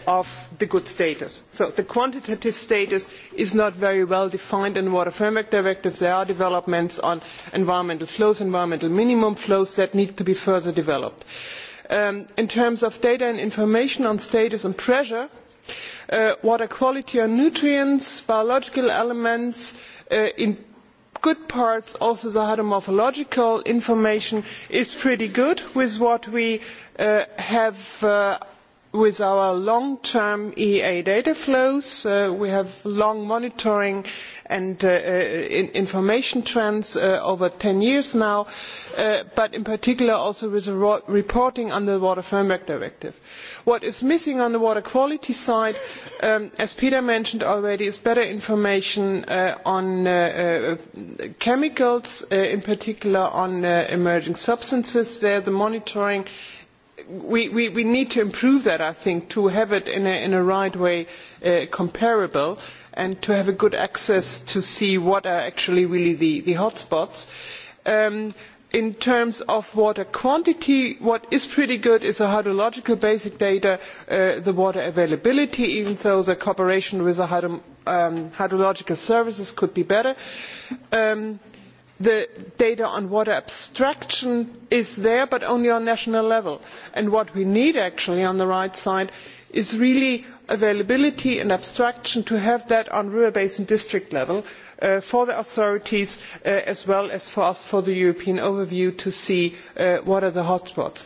of the good status. the quantitative status is not very well defined in the water framework directive. there are developments on environmental flows environmental minimum flows that need to be further developed. in terms of data and information on status and pressure water quality and nutrients, biological elements, in good parts also the hydromorphological information is pretty good with what we have with our long-term EA data flows. We have long monitoring and information trends over ten years now, but in particular also with the reporting under the Water Framework Directive. What is missing on the water quality side, as Peter mentioned already, is better information on chemicals, in particular on emerging substances. There, the monitoring we, we, we need to improve that, I think, to have it in a, in a right way comparable and to have a good access to see what are actually really the, the hotspots. in terms of water quantity, what is pretty good is the hydrological basic data, the water availability, even though the cooperation with the hydrological services could be better. Um, the data on water abstraction is there but only on national level and what we need actually on the right side is really availability and abstraction to have that on river basin district level for the authorities as well as for us for the european overview to see what are the hotspots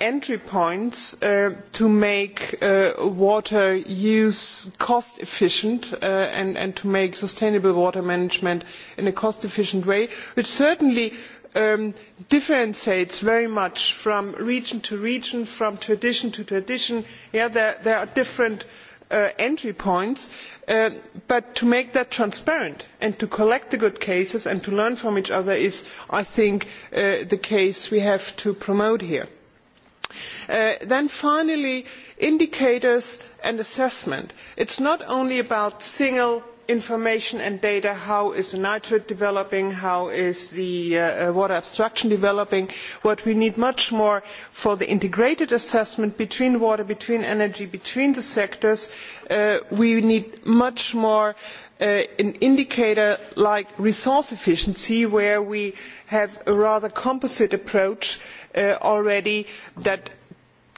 entry points to make water use cost efficient and to make sustainable water management in a cost efficient way which certainly differentiates very much from region to region from tradition to tradition. there are different entry points but to make that transparent and to collect the good cases and to learn from each other is i think the case we have to promote here then finally, indicators and assessment. It is not only about single information and data how is the nitrate developing how is the water abstraction developing what we need much more for the integrated assessment between water between energy between the sectors we need much more an indicator like resource efficiency where we have a rather composite approach already that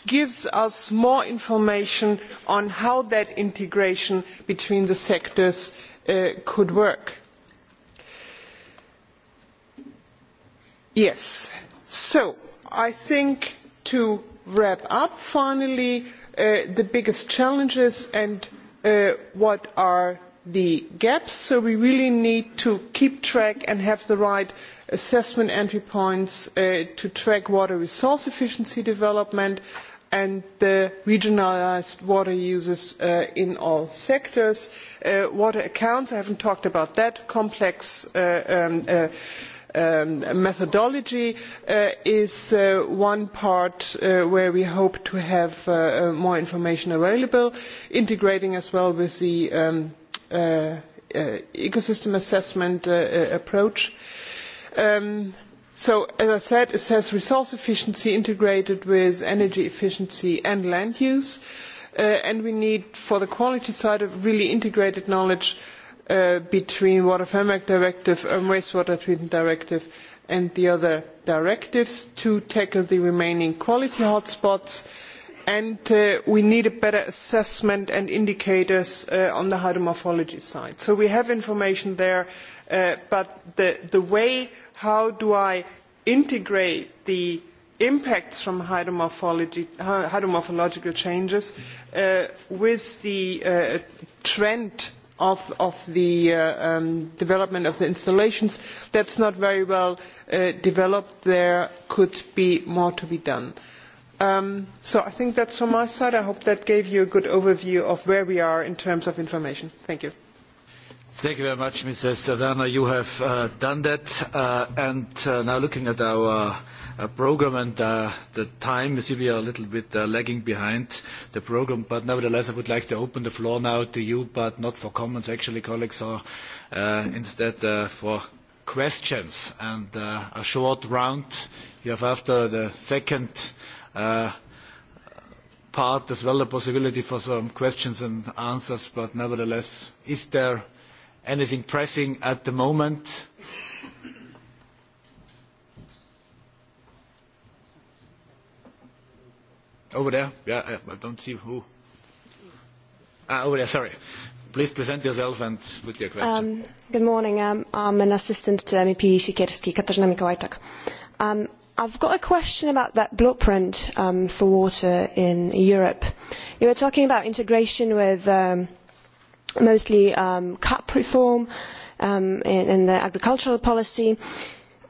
gives us more information on how that integration between the sectors could work. Yes, so I think to wrap up finally, the biggest challenges and what are the gaps. So we really need to keep track and have the right assessment entry points to track water resource efficiency development and the regionalised water uses in all sectors. water accounts, I haven't talked about that, complex methodology is one part where we hope to have more information available, integrating as well with the ecosystem assessment approach. Uh, so as i said it says resource efficiency integrated with energy efficiency and land use and we need for the quality side a really integrated knowledge between the water framework directive and wastewater treatment directive and the other directives to tackle the remaining quality hotspots and we need a better assessment and indicators on the hydromorphology side. so we have information there but the, the way how do I integrate the impacts from hydromorphological changes with the trend of, the development of the installations. that is not very well developed. There could be more to be done. so I think that is from my side. I hope that gave you a good overview of where we are in terms of information. Thank you. Thank you very much, Mrs. Werner. You have done that. And now looking at our program and the time, as we are a little bit lagging behind the program, but nevertheless, I would like to open the floor now to you, but not for comments. Actually, colleagues or instead for questions and a short round. You have after the second part as well, the possibility for some questions and answers, but nevertheless, is there Anything pressing at the moment? Over there. Yeah, I don't see who. Over there, sorry. Please present yourself and with your question. Good morning. I'm an assistant to MEP Siekierski, Katarzyna Mikołajczak. I've got a question about that blueprint for water in Europe. You were talking about integration with mostly um, CAP reform um, and, and the agricultural policy.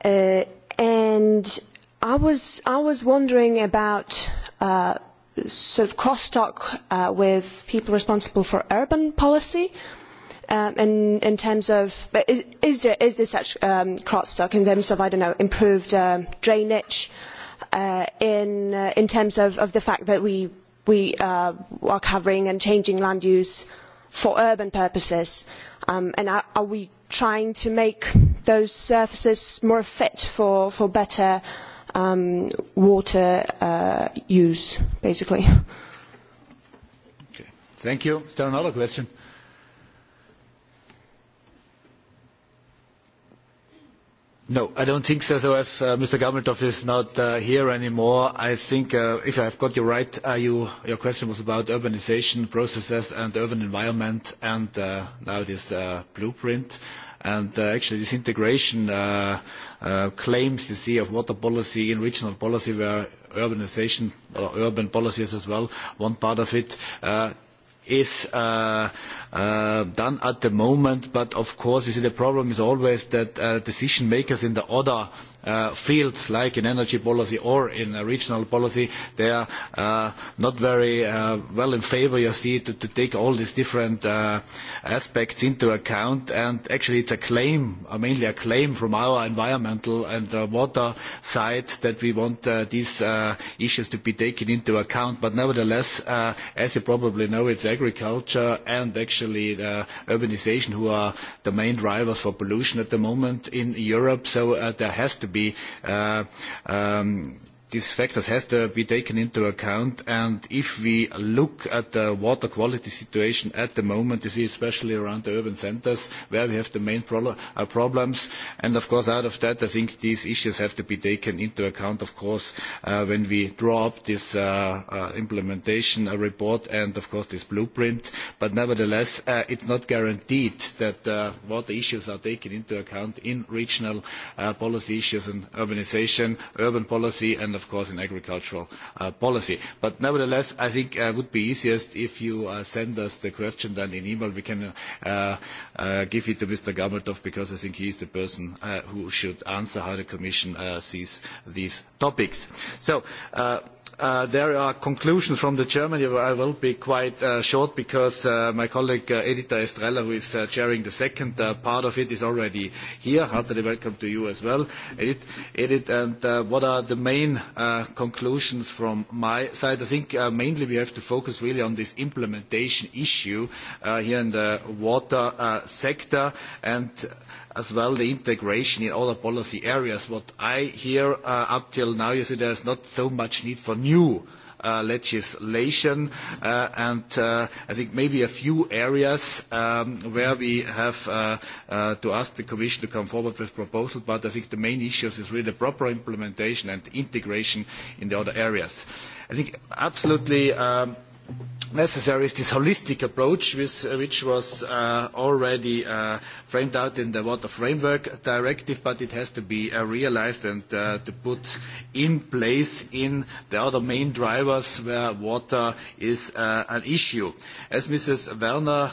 Uh, and I was, I was wondering about uh, sort of crosstalk uh, with people responsible for urban policy. Um, in, in terms of, is, is, there, is there such um, crosstalk in terms of, I don't know, improved uh, drainage uh, in, uh, in terms of, of the fact that we, we uh, are covering and changing land use uh, for urban purposes? and are, we trying to make those surfaces more fit for, for better water use, basically? Thank you. another question. No, I don't think so. So as Mr. Gammeltoff is not here anymore, I think, if if I've got you right, you, your question was about urbanization processes and urban environment and now this blueprint. And actually this integration uh, claims you see of water policy in regional policy where urbanization or urban policies as well, one part of it is uh, done at the moment. But of course, you see, the problem is always that decision makers in the other fields, like in energy policy or in regional policy, they are not very well in favour, you see, to, take all these different aspects into account. And actually, it's a claim, mainly a claim from our environmental and water side that we want these issues to be taken into account. But nevertheless, as you probably know, it's agriculture and actually especially the urbanization, who are the main drivers for pollution at the moment in Europe. So there has to be these factors has to be taken into account. And if we look at the water quality situation at the moment, you see especially around the urban centres, where we have the main problems. And of course, out of that, I think these issues have to be taken into account, of course, when we draw up this implementation report and, of course, this blueprint. But nevertheless, it is not guaranteed that water issues are taken into account in regional policy issues and urbanisation, urban policy, and, of of course, in agricultural policy. But nevertheless, I think it would be easiest if you send us the question then in email. We can give it to Mr. Gammeltoff because I think he is the person who should answer how the Commission sees these topics. So there are conclusions from the Chairman I will be quite short because my colleague Edita Estrella, who is chairing the second part of it, is already here. Heartily welcome to you as well, Edith. and what are the main conclusions from my side. I think mainly we have to focus really on this implementation issue here in the water sector and as well the integration in other policy areas. What I hear up till now is that there is not so much need for new legislation. and I think maybe a few areas where we have to ask the Commission to come forward with proposals, but I think the main issues is really the proper implementation and integration in the other areas. I think absolutely necessary is this holistic approach, which was already framed out in the Water Framework Directive, but it has to be realised and to put in place in the other main drivers where water is an issue. As Mrs. Werner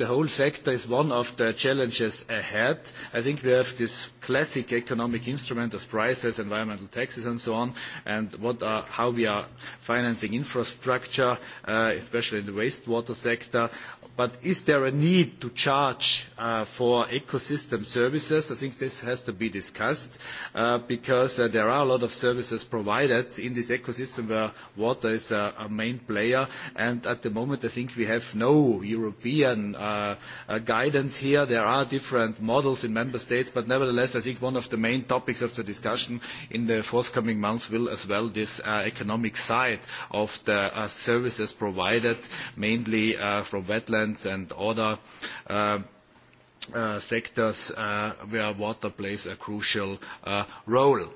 the whole sector is one of the challenges ahead. I think we have this classic economic instrument of prices, environmental taxes, and so on, and what are, how we are financing infrastructure, especially in the wastewater sector. But is there a need to charge for ecosystem services? I think this has to be discussed because there are a lot of services provided in this ecosystem where water is a main player. And at the moment, I think we have no European guidance here. There are different models in member states, but nevertheless, I think one of the main topics of the discussion in the forthcoming months will as well this economic side of the services provided, mainly from wetlands defence and other sectors where water plays a crucial role.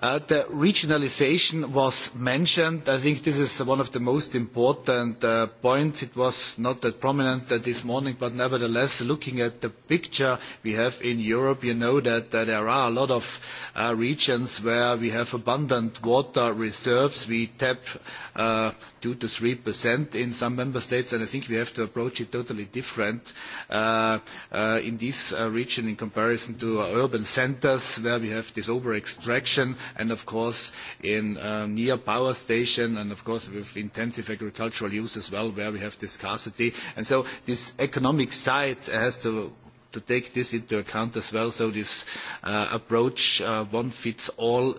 The regionalisation was mentioned. I think this is one of the most important points. It was not that prominent this morning, but nevertheless, looking at the picture we have in Europe, you know that there are a lot of regions where we have abundant water reserves. We tap 2%-3% in some member states, and I think we have to approach it totally different in this region in comparison to urban centres where we have this over-extraction and of course in near power station and of course with intensive agricultural use as well where we have this scarcity. And so this economic side has to to take this into account as well. So this uh, approach, uh, one fits all,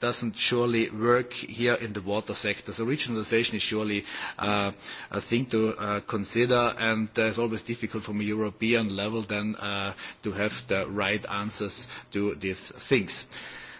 doesn't surely work here in the water sector. So regionalization is surely uh, a thing to uh, consider, and uh, it's always difficult from a European level then uh, to have the right answers to these things. Uh,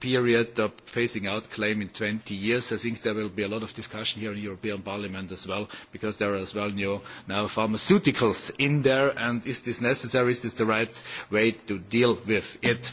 period of phasing out claim in twenty years. I think there will be a lot of discussion here in the European Parliament as well, because there are as well new now pharmaceuticals in there, and is this necessary? Is this the right way to deal with it?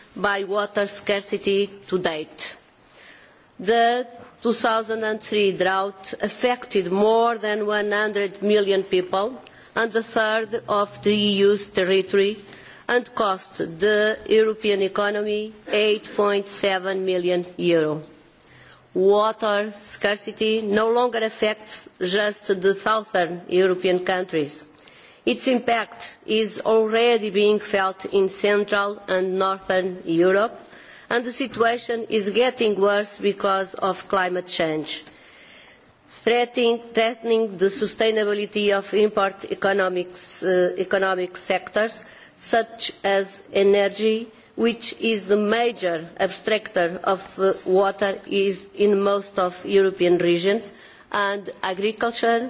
by water scarcity to date. The 2003 drought affected more than one hundred million people and a third of the EU's territory and cost the European economy eight seven million euro. Water scarcity no longer affects just the southern European countries Its impact is already being felt in Central and Northern Europe, and the situation is getting worse because of climate change, threatening the sustainability of import economic sectors such as energy, which is the major abstractor of water in most of European regions, and agriculture,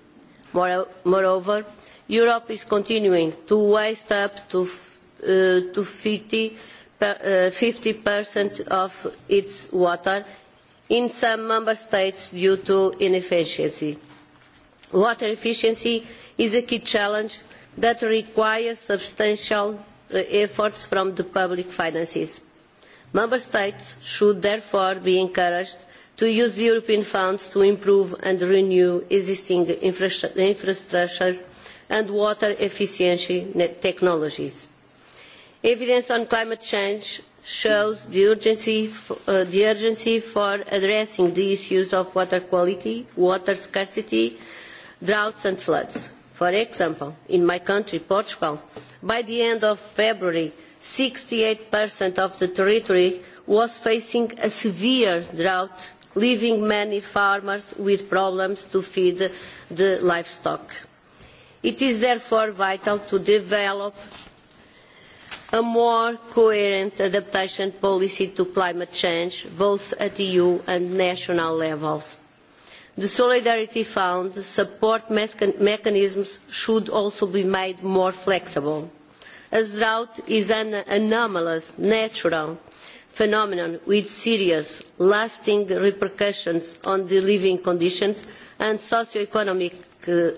Moreover, Europe is continuing to waste up to, fifty of its water in some member states due to inefficiency. Water efficiency is a key challenge that requires substantial efforts from the public finances. Member states should therefore be encouraged to use the European funds to improve and renew existing infrastructure and water efficiency technologies. Evidence on climate change shows the urgency, the urgency for addressing the issues of water quality, water scarcity, droughts and floods. For example, in my country, Portugal, by the end of February, 68% of the territory was facing a severe drought leaving many farmers with problems to feed the livestock. It is therefore vital to develop a more coherent adaptation policy to climate change, both at EU and national levels. The Solidarity Fund support mechanisms should also be made more flexible. As drought is an anomalous, natural, phenomenon with serious, lasting repercussions on the living conditions and socio-economic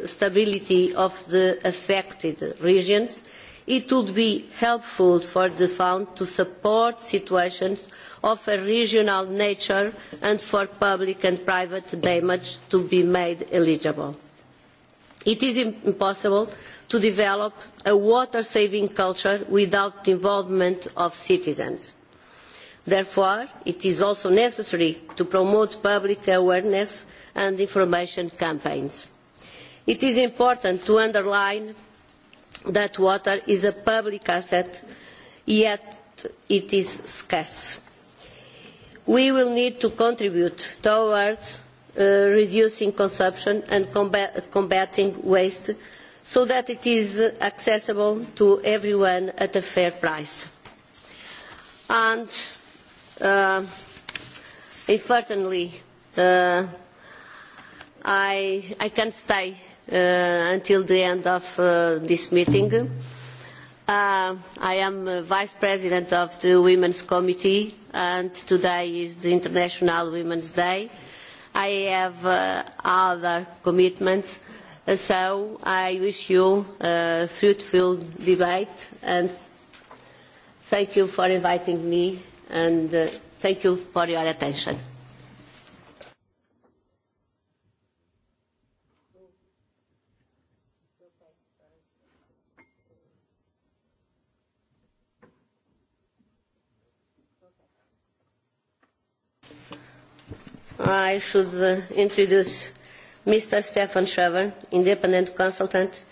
stability of the affected regions, it would be helpful for the fund to support situations of a regional nature and for public and private damage to be made eligible. It is impossible to develop a water saving culture without the involvement of citizens Therefore, it is also necessary to promote public awareness and information campaigns. It is important to underline that water is a public asset, yet it is scarce. We will need to contribute towards reducing consumption and combating waste so that it is accessible to everyone at a fair price. And Uh, unfortunately, uh, I, I can't stay uh, until the end of uh, this meeting. Uh, I am Vice President of the Women's Committee and today is the International Women's Day. I have uh, other commitments, so I wish you a fruitful debate and thank you for inviting me and thank you for your attention. I should introduce Mr. Stefan Schrever, independent consultant.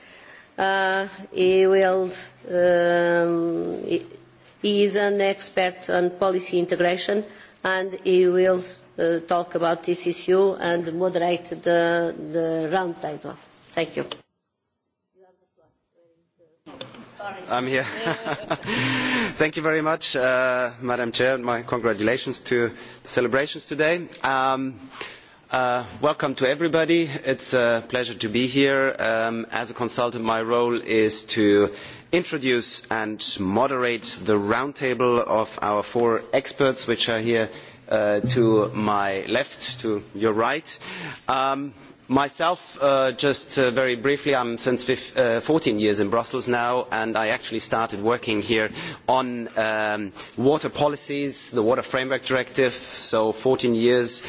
he will He is an expert on policy integration and he will uh, talk about this issue and moderate the, the round table. Thank you. I'm here. Thank you very much, uh, Madam Chair. My congratulations to the celebrations today. Um, uh, welcome to everybody. It's a pleasure to be here. Um, as a consultant, my role is to introduce and moderate the round table of our four experts, which are here to my left, to your right. Um, Myself, just very briefly, I am since fourteen years in Brussels now, and I actually started working here on water policies, the Water Framework Directive, so fourteen years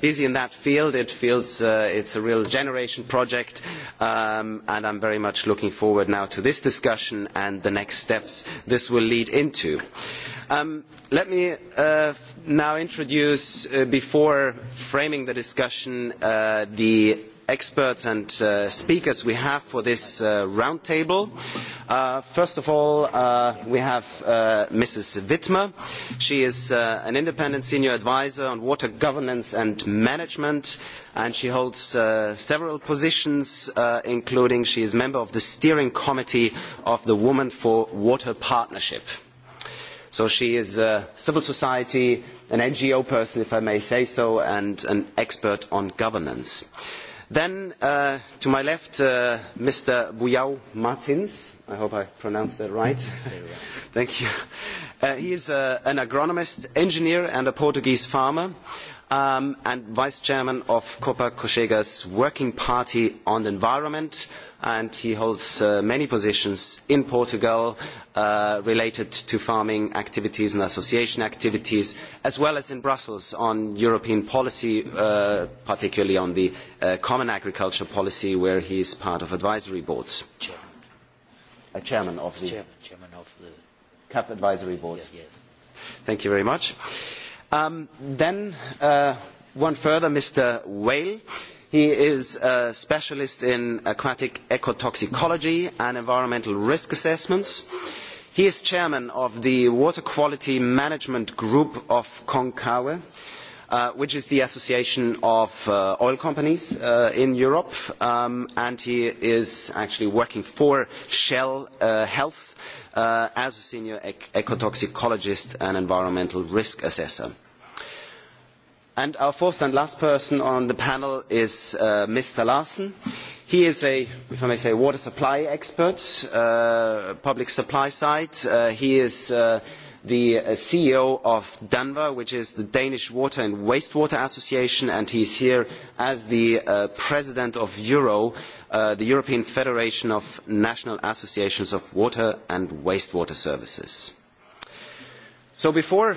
busy in that field. It feels uh, it's a real generation project, and I am very much looking forward now to this discussion and the next steps this will lead into. let me now introduce, before framing the discussion, the experts and speakers we have for this roundtable. first of all, we have Mrs. Wittmer. She is an independent senior advisor on water governance and management, and she holds several positions, including she is member of the steering committee of the Women for Water Partnership So she is a civil society, an NGO person, if I may say so, and an expert on governance. Then, to my left, Mr. Buyao Martins. I hope I pronounced that right. Thank you. he is an agronomist, engineer, and a Portuguese farmer and vice chairman of Copa Cochega's Working Party on the Environment, and he holds many positions in Portugal related to farming activities and association activities, as well as in Brussels on European policy, particularly on the Common Agriculture Policy, where he is part of advisory boards. chairman of the CAP Advisory Board. Thank you very much then one further, Mr. Whale. He is a specialist in aquatic ecotoxicology and environmental risk assessments. He is chairman of the Water Quality Management Group of Konkawa which is the Association of Oil Companies in Europe, and he is actually working for Shell Health as a senior ecotoxicologist and environmental risk assessor. And our fourth and last person on the panel is Mr. Larsen. He is a, if I may say, water supply expert, public supply side. he is the CEO of DANVA, which is the Danish Water and Wastewater Association, and he is here as the president of Euro, the European Federation of National Associations of Water and Wastewater Services. So before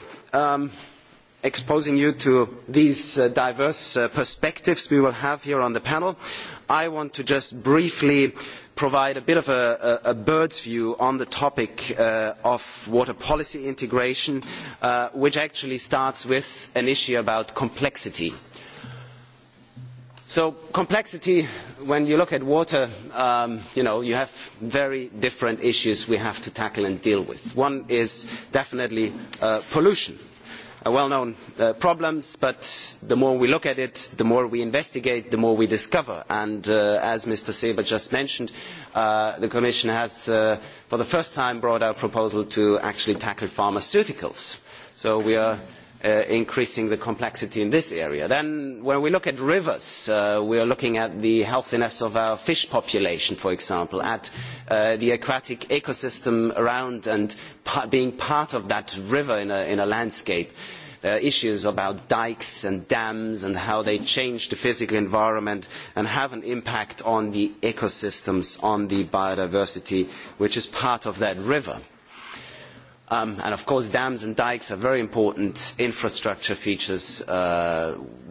exposing you to these diverse perspectives we will have here on the panel. I want to just briefly provide a bit of a, bird's view on the topic of water policy integration, which actually starts with an issue about complexity. So complexity, when you look at water, you have very different issues we have to tackle and deal with. One is definitely pollution well known problems but the more we look at it the more we investigate the more we discover and as mr seeber just mentioned the commission has for the first time brought out a proposal to actually tackle pharmaceuticals so we are increasing the complexity in this area. Then when we look at rivers, we are looking at the healthiness of our fish population, for example, at the aquatic ecosystem around and being part of that river in a, landscape. There are issues about dikes and dams and how they change the physical environment and have an impact on the ecosystems, on the biodiversity, which is part of that river and of course, dams and dikes are very important infrastructure features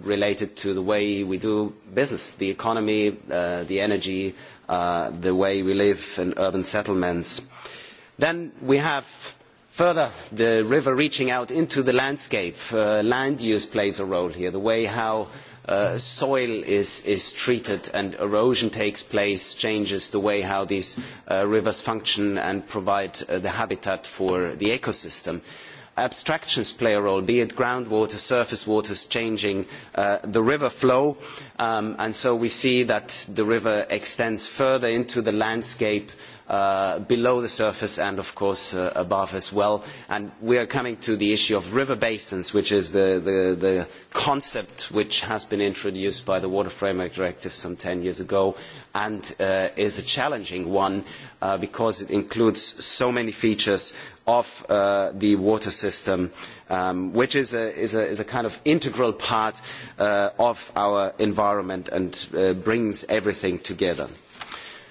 related to the way we do business, the economy, the energy, the way we live in urban settlements. Then we have further the river reaching out into the landscape. land use plays a role here, the way how soil is, treated and erosion takes place, changes the way how these rivers function and provide the habitat for the ecosystem. Abstractions play a role, be it groundwater, surface waters changing the river flow. and so we see that the river extends further into the landscape below the surface and of course above as well. And we are coming to the issue of river basins, which is the, concept which has been introduced by the Water Framework Directive some ten years ago and is a challenging one because it includes so many features of the water system, which is a, kind of integral part of our environment and brings everything together.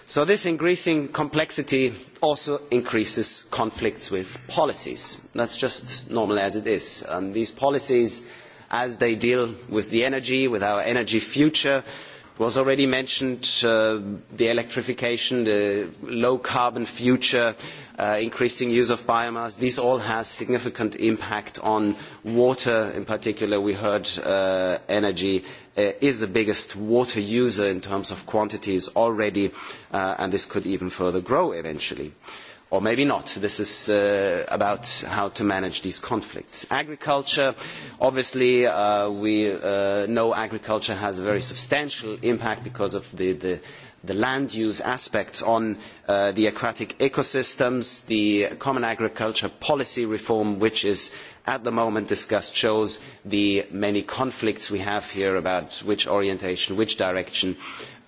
So this increasing complexity also increases conflicts with policies. That's just normal as it is. these policies, as they deal with the energy, with our energy future, was already mentioned, the electrification, the low-carbon future, increasing use of biomass. This all has significant impact on water. In particular, we heard energy is the biggest water user in terms of quantities already, and this could even further grow eventually. Uh, or maybe not. This is about how to manage these conflicts. Agriculture, obviously, we know agriculture has a very substantial impact because of the, land use aspects on the aquatic ecosystems. The Common Agriculture Policy Reform, which is at the moment discussed, shows the many conflicts we have here about which orientation, which direction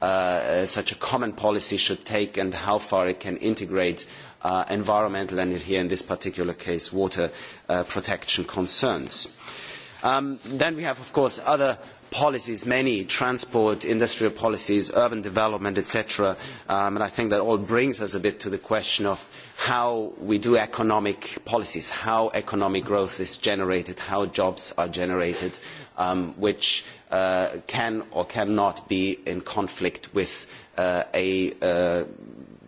such a common policy should take and how far it can integrate environmental and here in this particular case water protection concerns. then we have of course other policies, many transport, industrial policies, urban development, etc. and I think that all brings us a bit to the question of how we do economic policies, how economic growth is generated, how jobs are generated, which can or cannot be in conflict with a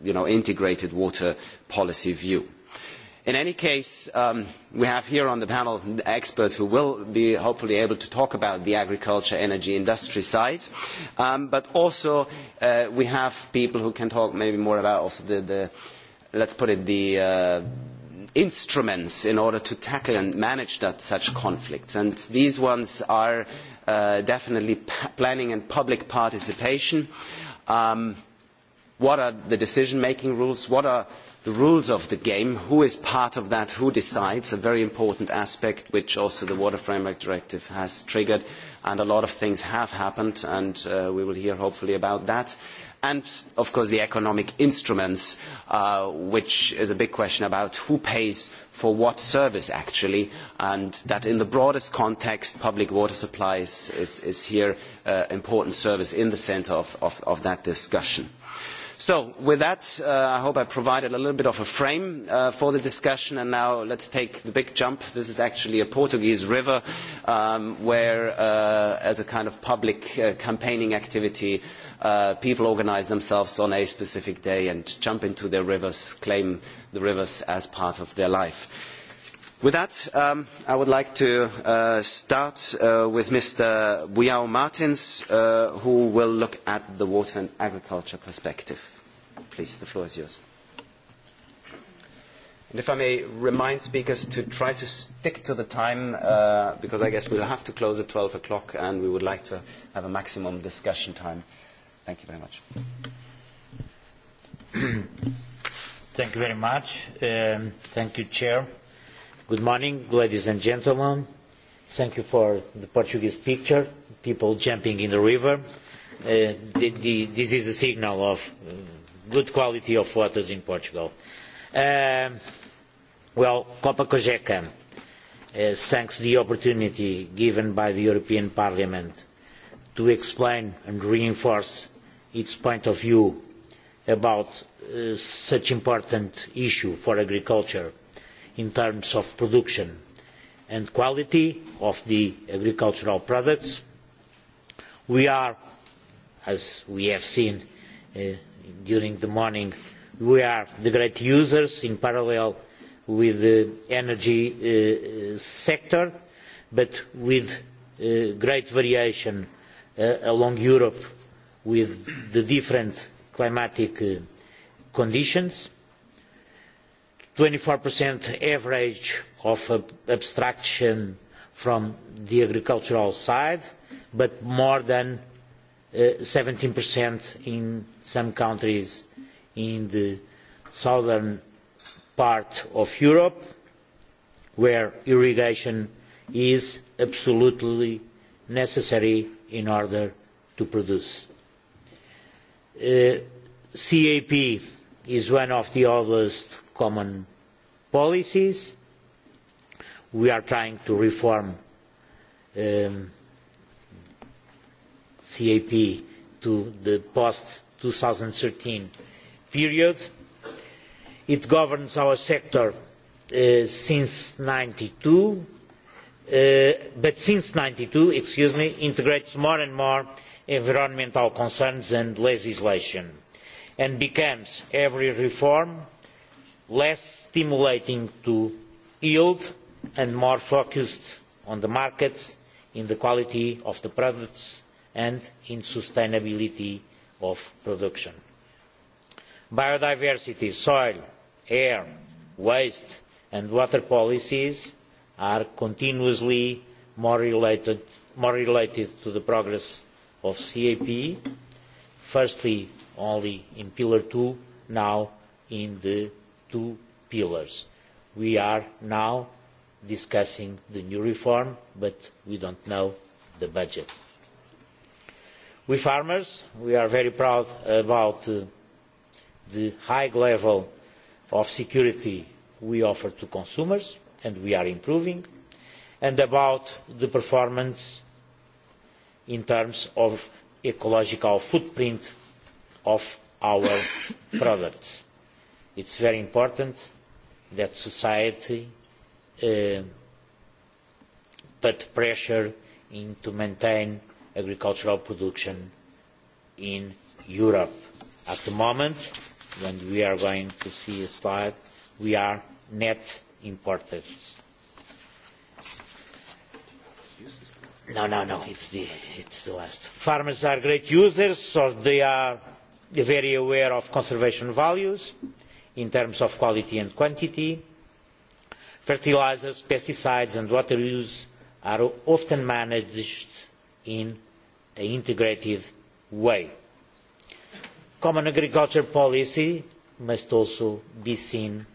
integrated water policy view. In any case, we have here on the panel experts who will be hopefully able to talk about the agriculture, energy, industry side. but also we have people who can talk maybe more about also the, the let's put it, the instruments in order to tackle and manage such conflicts. And these ones are definitely planning and public participation. what are the decision-making rules? What are the rules of the game, who is part of that, who decides, a very important aspect which also the Water Framework Directive has triggered, and a lot of things have happened, and we will hear hopefully about that. And, of course, the economic instruments, which is a big question about who pays for what service, actually, and that in the broadest context, public water supplies is, here an important service in the centre of that discussion. So with that, I hope I provided a little bit of a frame for the discussion, and now let's take the big jump. This is actually a Portuguese river, where, as a kind of public campaigning activity, people organise themselves on a specific day and jump into their rivers, claim the rivers as part of their life. With that, I would like to start with Mr. Buyao Martins, who will look at the water and agriculture perspective please, the floor is yours. And if I may remind speakers to try to stick to the time, uh, because I guess we'll have to close at 12 o'clock, and we would like to have a maximum discussion time. Thank you very much. Thank you very much. Um, thank you, Chair. Good morning, ladies and gentlemen. Thank you for the Portuguese picture, people jumping in the river. Uh, the, the, this is a signal of good quality of waters in Portugal. well, Copa Cogeca, thanks to the opportunity given by the European Parliament to explain and reinforce its point of view about such an important issue for agriculture in terms of production and quality of the agricultural products. We are, as we have seen during the morning, we are the great users in parallel with the energy sector, but with great variation along Europe with the different climatic conditions. twenty 24% average of abstraction from the agricultural side, but more than 17% in some countries in the southern part of Europe, where irrigation is absolutely necessary in order to produce. CAP is one of the oldest common policies. We are trying to reform CAP to the post thirteen period. It governs our sector since ninety two, but since ninety two, excuse me, integrates more and more environmental concerns and legislation and becomes every reform less stimulating to yield and more focused on the markets, in the quality of the products and in sustainability of production. Biodiversity, soil, air, waste and water policies are continuously more related, more related to the progress of CAP, firstly only in Pillar two, now in the two pillars. We are now discussing the new reform, but we don't know the budget we farmers we are very proud about the high level of security we offer to consumers and we are improving and about the performance in terms of ecological footprint of our products. It is very important that society put pressure to maintain agricultural production in Europe. At the moment, when we are going to see a slide, we are net importers. No, no, no, it's the, it's the last. Farmers are great users, so they are very aware of conservation values in terms of quality and quantity. Fertilizers, pesticides and water use are often managed in an integrated way. Common agriculture policy must also be seen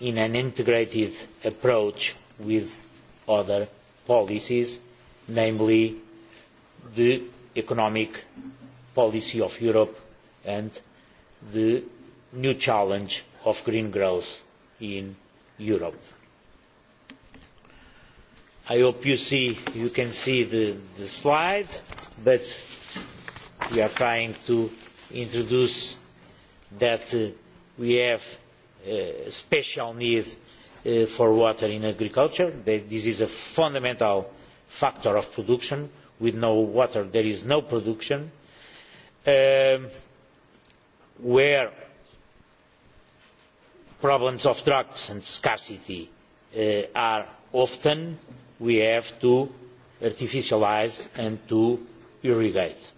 in an integrated approach with other policies, namely the economic policy of Europe and the new challenge of green growth in Europe I hope you see you can see the, the slide, but we are trying to introduce that uh, we have uh, special need uh, for water in agriculture. That this is a fundamental factor of production. With no water, there is no production. Um, where problems of drugs and scarcity uh, are often we have to artificialise and to irrigate.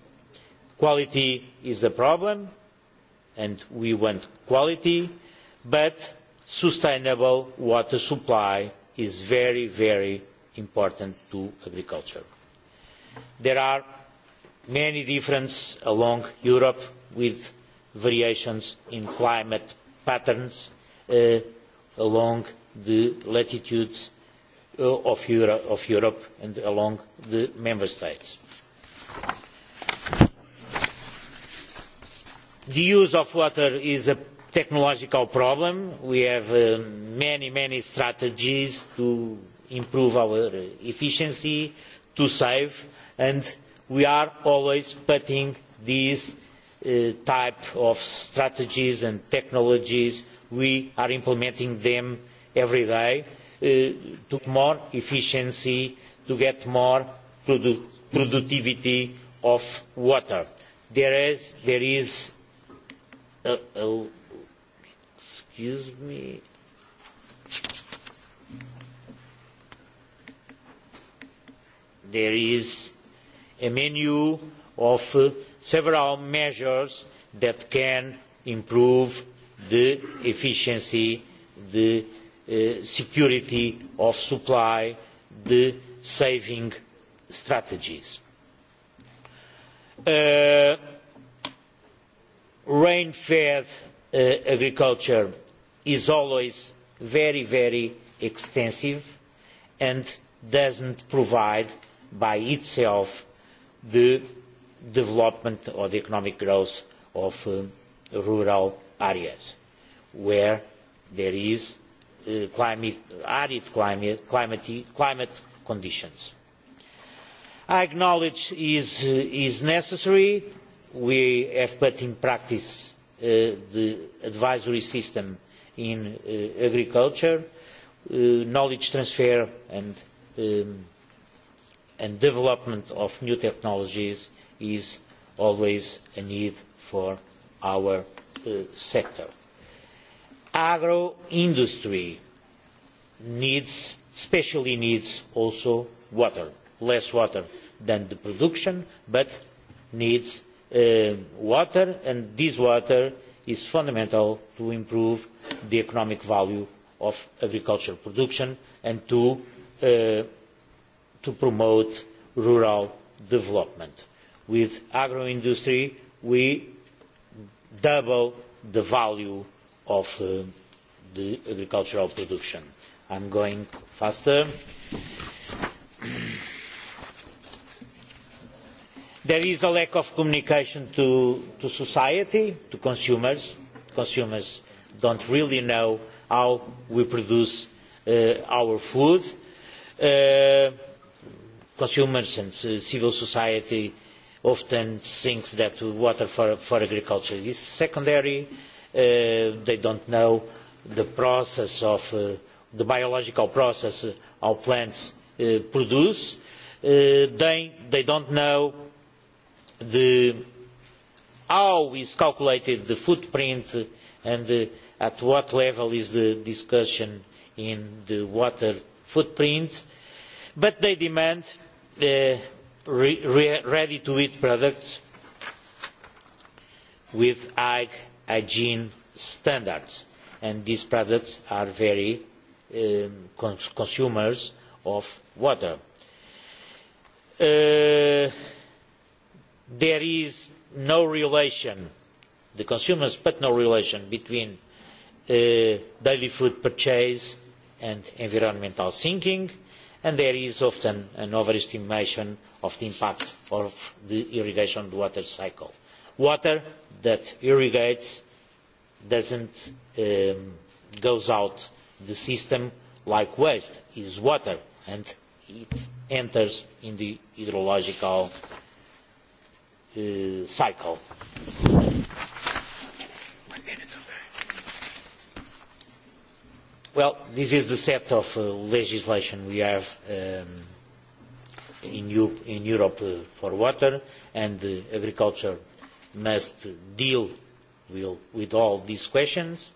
Quality is a problem, and we want quality, but sustainable water supply is very, very important to agriculture. There are many differences along Europe with variations in climate patterns along the latitudes of, Europe and along the member states. The use of water is a technological problem. We have many, many strategies to improve our efficiency, to save, and we are always putting these type of strategies and technologies. We are implementing them every day to more efficiency, to get more productivity of water. There is, there is a, a, excuse me, there is a menu of uh, several measures that can improve the efficiency, the security of supply, the saving strategies. Rain-fed agriculture is always very, very extensive and does not provide by itself the development or the economic growth of rural areas where there is climate, arid climate, climate, climate conditions. I acknowledge is, is necessary. We have put in practice the advisory system in agriculture, knowledge transfer and, and development of new technologies is always a need for our sector agro industry needs, especially needs also water, less water than the production, but needs uh, water, and this water is fundamental to improve the economic value of agricultural production and to, uh, to promote rural development. With agro-industry, we double the value of the agricultural production. I'm going faster. There is a lack of communication to, to society, to consumers. Consumers don't really know how we produce uh, our food. Uh, consumers and uh, civil society often thinks that water for, for agriculture is secondary they don't know the process of the biological process our plants produce. they, they don't know the, how is calculated the footprint and at what level is the discussion in the water footprint. But they demand ready-to-eat products with high hygiene standards and these products are very consumers of water. there is no relation, the consumers, but no relation between daily food purchase and environmental thinking, and there is often an overestimation of the impact of the irrigation water cycle. Water that irrigates doesn't um, goes out the system like waste is water and it enters in the hydrological uh, cycle. Well, this is the set of uh, legislation we have um, in, Europe, in Europe uh, for water and uh, agriculture must deal with all these questions.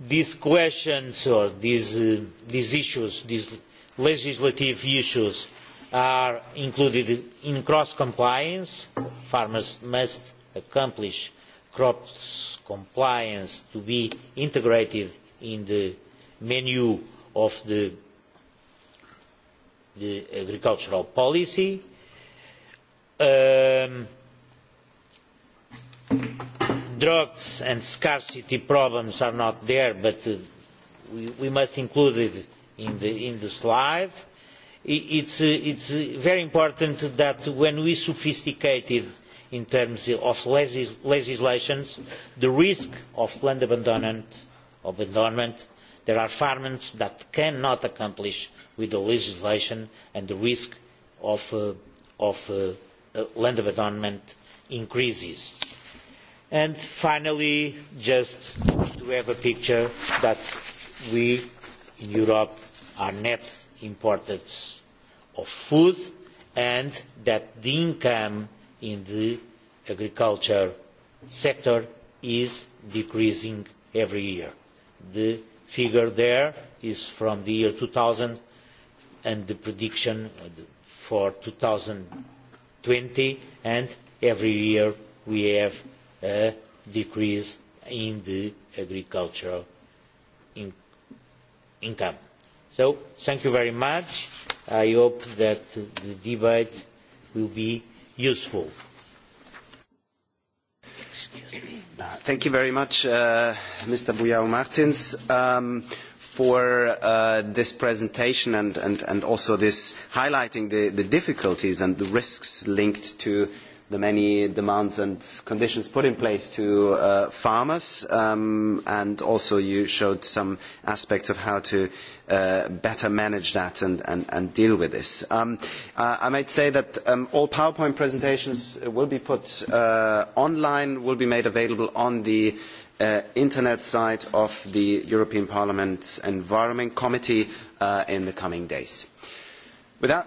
These questions or these, uh, these issues, these legislative issues, are included in cross compliance. Farmers must accomplish crops compliance to be integrated in the menu of the, the agricultural policy. Um, drugs and scarcity problems are not there, but we, we must include it in the, in the slide. It's, it's very important that when we sophisticated in terms of legislations, the risk of land abandonment, abandonment there are farmers that cannot accomplish with the legislation and the risk of, land abandonment increases And finally, just to have a picture that we in Europe are net importers of food and that the income in the agriculture sector is decreasing every year. The figure there is from the year 2000 and the prediction for 2020 and every year we have a decrease in the agricultural income. So thank you very much. I hope that the debate will be useful. Thank you very much, uh, Mr. Buyao Martins, um, for uh, this presentation and, and, and also this highlighting the, the difficulties and the risks linked to the many demands and conditions put in place to farmers. and also you showed some aspects of how to better manage that and, deal with this. I might say that all PowerPoint presentations will be put online, will be made available on the internet site of the European Parliament's Environment Committee in the coming days. With that,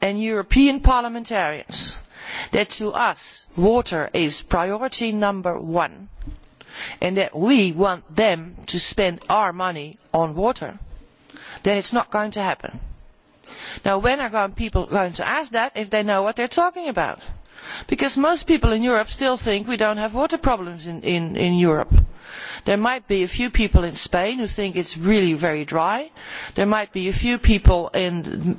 and European parliamentarians that to us water is priority number one and that we want them to spend our money on water, then it's not going to happen. Now, when are people going to ask that if they know what they're talking about? Because most people in Europe still think we don't have water problems in, in, in Europe. There might be a few people in Spain who think it's really very dry. There might be a few people in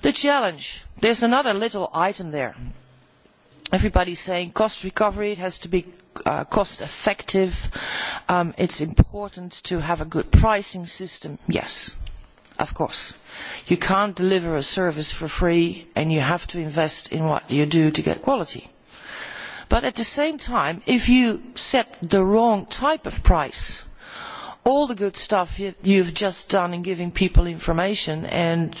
The challenge. There is another little item there. Everybody is saying cost recovery, it has to be cost effective. It is important to have a good pricing system. Yes, of course. You cannot deliver a service for free and you have to invest in what you do to get quality. But at the same time, if you set the wrong type of price, all the good stuff you have just done in giving people information and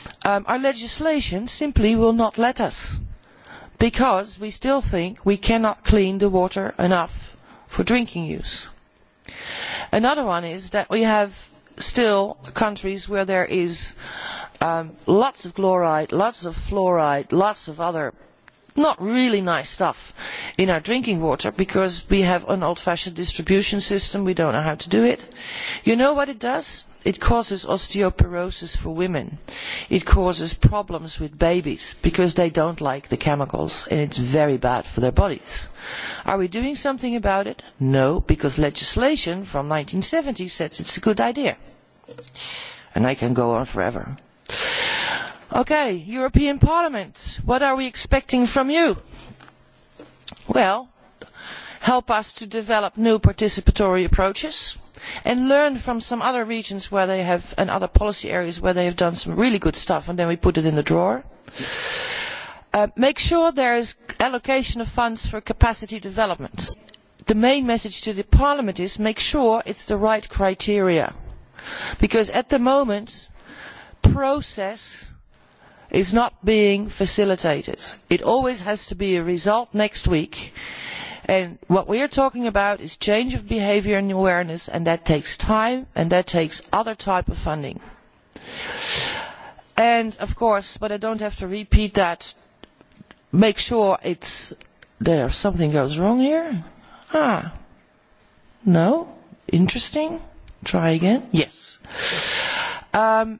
our legislation simply will not let us because we still think we cannot clean the water enough for drinking use. Another one is that we have still countries where there is lots of chloride, lots of fluoride, lots of other not really nice stuff in our drinking water because we have an old fashioned distribution system we don't know how to do it you know what it does it causes osteoporosis for women it causes problems with babies because they do not like the chemicals and it is very bad for their bodies are we doing something about it no because legislation from one thousand nine hundred and seventy says it is a good idea and i can go on forever Okay, European Parliament, what are we expecting from you? Well, help us to develop new participatory approaches and learn from some other regions where they have and other policy areas where they have done some really good stuff and then we put it in the drawer make sure there is allocation of funds for capacity development the main message to parliament is make sure it is the right criteria because at the moment process is not being facilitated. It always has to be a result next week. And what we are talking about is change of behaviour and awareness, and that takes time, and that takes other type of funding. And of course, but I don't have to repeat that. Make sure it's there. Something goes wrong here. Ah, no, interesting. Try again. Yes. Um,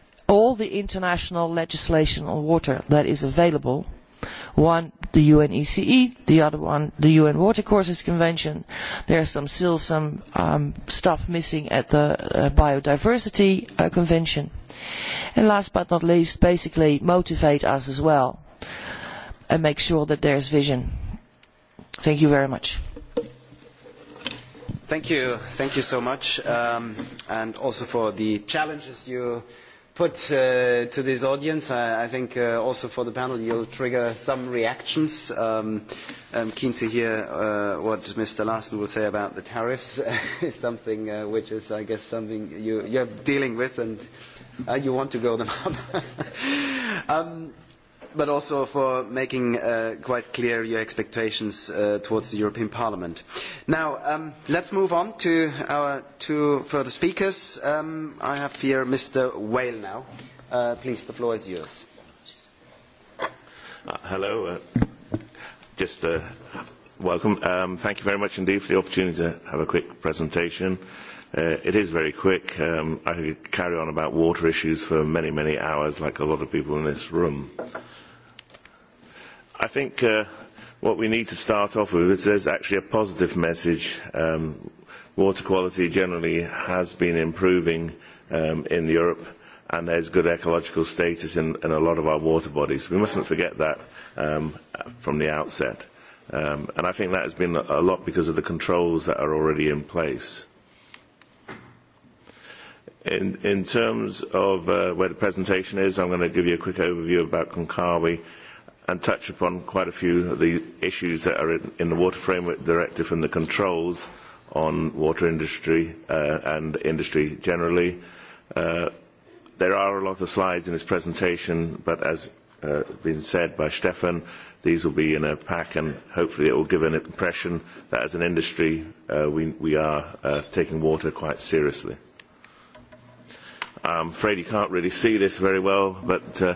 all the international legislation on water that is available one the UNECE, the other one the UN Water Courses Convention. There's some still some um, stuff missing at the uh, Biodiversity uh, Convention. And last but not least, basically motivate us as well and make sure that there's vision. Thank you very much. Thank you. Thank you so much. Um, and also for the challenges you put to this audience. I think also for the panel, you'll trigger some reactions. I'm keen to hear what Mr. Larsen will say about the tariffs. It's something which is, I guess, something you're dealing with, and you want to go them up but also for making quite clear your expectations towards the European Parliament. Now, let's move on to our two further speakers. I have here Mr. Whale now. please, the floor is yours. hello. just welcome. thank you very much indeed for the opportunity to have a quick presentation. it is very quick. I could carry on about water issues for many, many hours, like a lot of people in this room. Uh, I think uh what we need to start off with is there's actually a positive message. Um water quality generally has been improving um in Europe and there's good ecological status in, in a lot of our water bodies. We mustn't forget that um, from the outset. Um, and I think that has been a lot because of the controls that are already in place. In, in terms of uh, where the presentation is, I'm going to give you a quick overview about Konkawi and touch upon quite a few of the issues that are in, in the Water Framework Directive and the controls on water industry uh, and industry generally. Uh, there are a lot of slides in this presentation, but as uh, been said by Stefan, these will be in a pack and hopefully it will give an impression that as an industry uh, we, we are uh, taking water quite seriously. I'm afraid you can't really see this very well, but uh,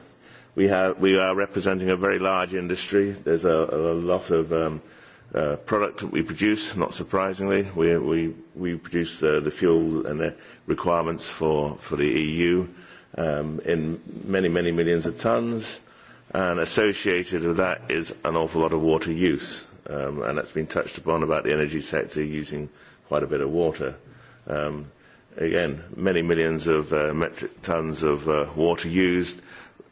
we, have, we are representing a very large industry. There's a, a lot of um, uh, product that we produce, not surprisingly. We, we, we produce uh, the fuel and the requirements for, for the EU um, in many, many millions of tons. And associated with that is an awful lot of water use. Um, and that's been touched upon about the energy sector using quite a bit of water. Um, again, many millions of uh, metric tons of uh, water used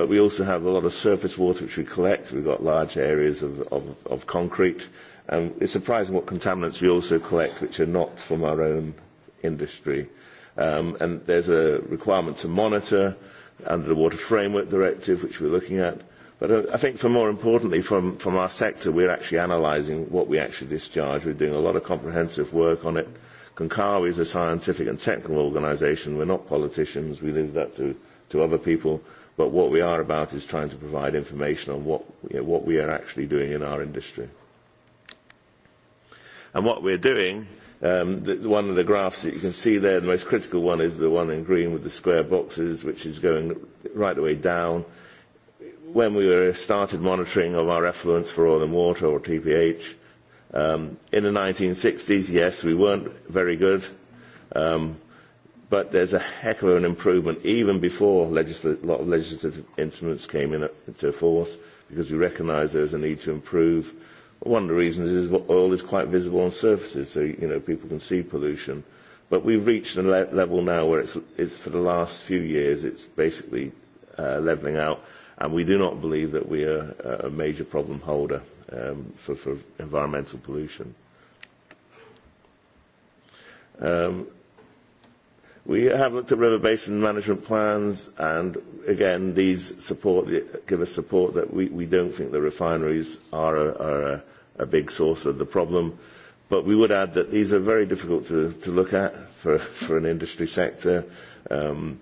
but we also have a lot of surface water which we collect. We've got large areas of, of, of concrete. And it's surprising what contaminants we also collect which are not from our own industry. Um, and there's a requirement to monitor under the Water Framework Directive, which we're looking at. But I think for more importantly, from, from our sector, we're actually analysing what we actually discharge. We're doing a lot of comprehensive work on it. Concawi is a scientific and technical organisation. We're not politicians. We leave that to, to other people But what we are about is trying to provide information on what, you know, what we are actually doing in our industry. And what we're doing, um, the, one of the graphs that you can see there, the most critical one is the one in green with the square boxes, which is going right the way down. When we were started monitoring of our effluents for oil and water, or TPH, um, in the 1960s, yes, we weren't very good. Um, but there's a heck of an improvement even before legisl- a lot of legislative instruments came in, into force because we recognise there's a need to improve. One of the reasons is that oil is quite visible on surfaces, so you know people can see pollution. But we've reached a le- level now where it's, it's for the last few years it's basically uh, levelling out, and we do not believe that we are a major problem holder um, for, for environmental pollution. Um, We have looked at river basin management plans, and again, these support the, give us support that we, we don't think the refineries are, a, are a, a big source of the problem. But we would add that these are very difficult to, to look at for, for an industry sector. Um,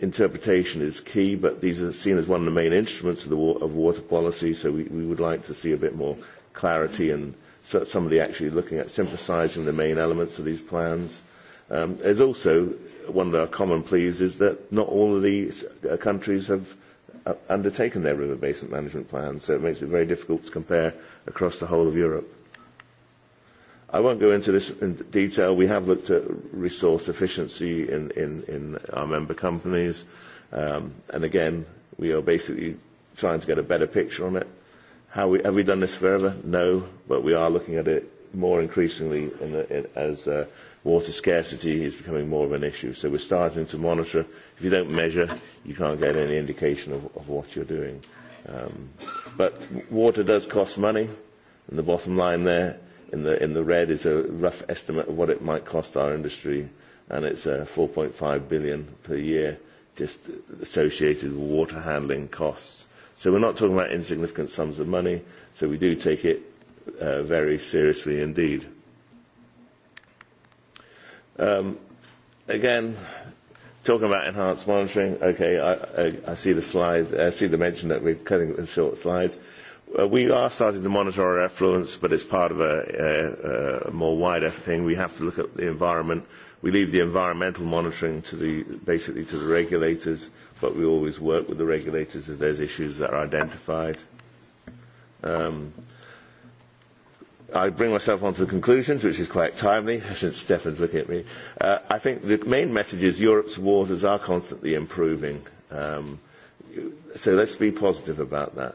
interpretation is key, but these are seen as one of the main instruments of, the, of water policy, so we, we would like to see a bit more clarity and so, somebody actually looking at synthesizing the main elements of these plans. Um, there's also one of our common pleas is that not all of these uh, countries have uh, undertaken their river basin management plans, so it makes it very difficult to compare across the whole of Europe. I won't go into this in detail. We have looked at resource efficiency in, in, in our member companies. Um, and again, we are basically trying to get a better picture on it. How we, have we done this forever? No, but we are looking at it more increasingly in the, in, as uh, water scarcity is becoming more of an issue. So we're starting to monitor. If you don't measure, you can't get any indication of, of what you're doing. Um, but water does cost money, and the bottom line there in the, in the red is a rough estimate of what it might cost our industry, and it's uh, 4.5 billion per year just associated with water handling costs. So we're not talking about insignificant sums of money, so we do take it uh, very seriously indeed. Um, again, talking about enhanced monitoring, okay, I, I, I see the slides, I see the mention that we're cutting the short slides. Uh, we are starting to monitor our effluents, but it's part of a, a, a more wider thing. We have to look at the environment. We leave the environmental monitoring to the, basically to the regulators, but we always work with the regulators if there's issues that are identified. Um, I bring myself on to the conclusions, which is quite timely, since Stefan's looking at me. Uh, I think the main message is Europe's waters are constantly improving. Um, so let's be positive about that.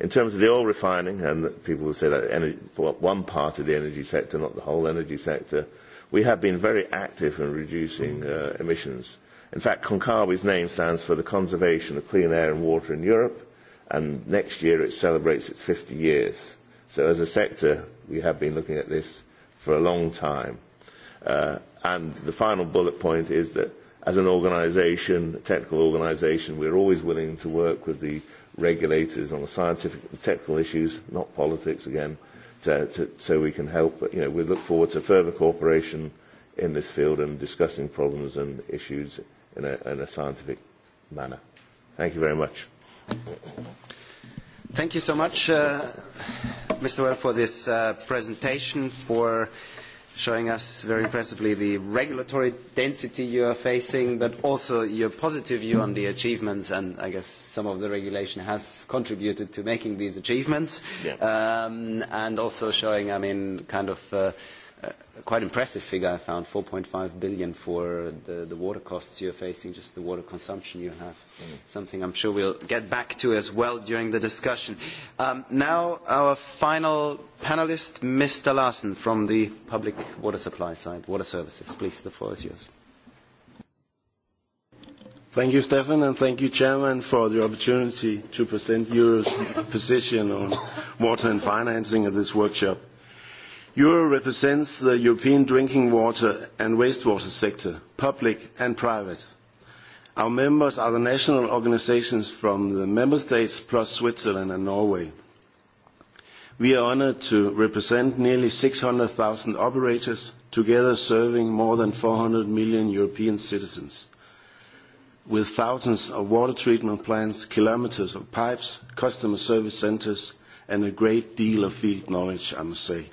In terms of the oil refining, and people will say that energy, one part of the energy sector, not the whole energy sector, we have been very active in reducing uh, emissions. In fact, Concavi's name stands for the conservation of clean air and water in Europe, and next year it celebrates its 50 years. So as a sector, we have been looking at this for a long time. Uh, and the final bullet point is that as an organisation, a technical organisation, we're always willing to work with the regulators on the scientific and technical issues, not politics again, to, to, so we can help. But, you know, we look forward to further cooperation in this field and discussing problems and issues in a, in a scientific manner. Thank you very much. Thank you so much, uh, Mr. Well, for this uh, presentation, for showing us very impressively the regulatory density you are facing, but also your positive view on the achievements, and I guess some of the regulation has contributed to making these achievements, um and also showing, I mean, kind of uh quite impressive figure I found, 4.5 billion for the, the water costs you're facing, just the water consumption you have. Something I'm sure we'll get back to as well during the discussion. now our final panelist, Mr. Larsen from the public water supply side, water services. Please, the floor is yours. Thank you, Stefan, and thank you, Chairman, for the opportunity to present your position on water and financing at this workshop. Euro represents the European drinking water and wastewater sector, public and private. Our members are the national organisations from the member states plus Switzerland and Norway. We are honoured to represent nearly six 600,000 operators, together serving more than four hundred million European citizens. With thousands of water treatment plants, kilometres of pipes, customer service centres, and a great deal of field knowledge, I must say.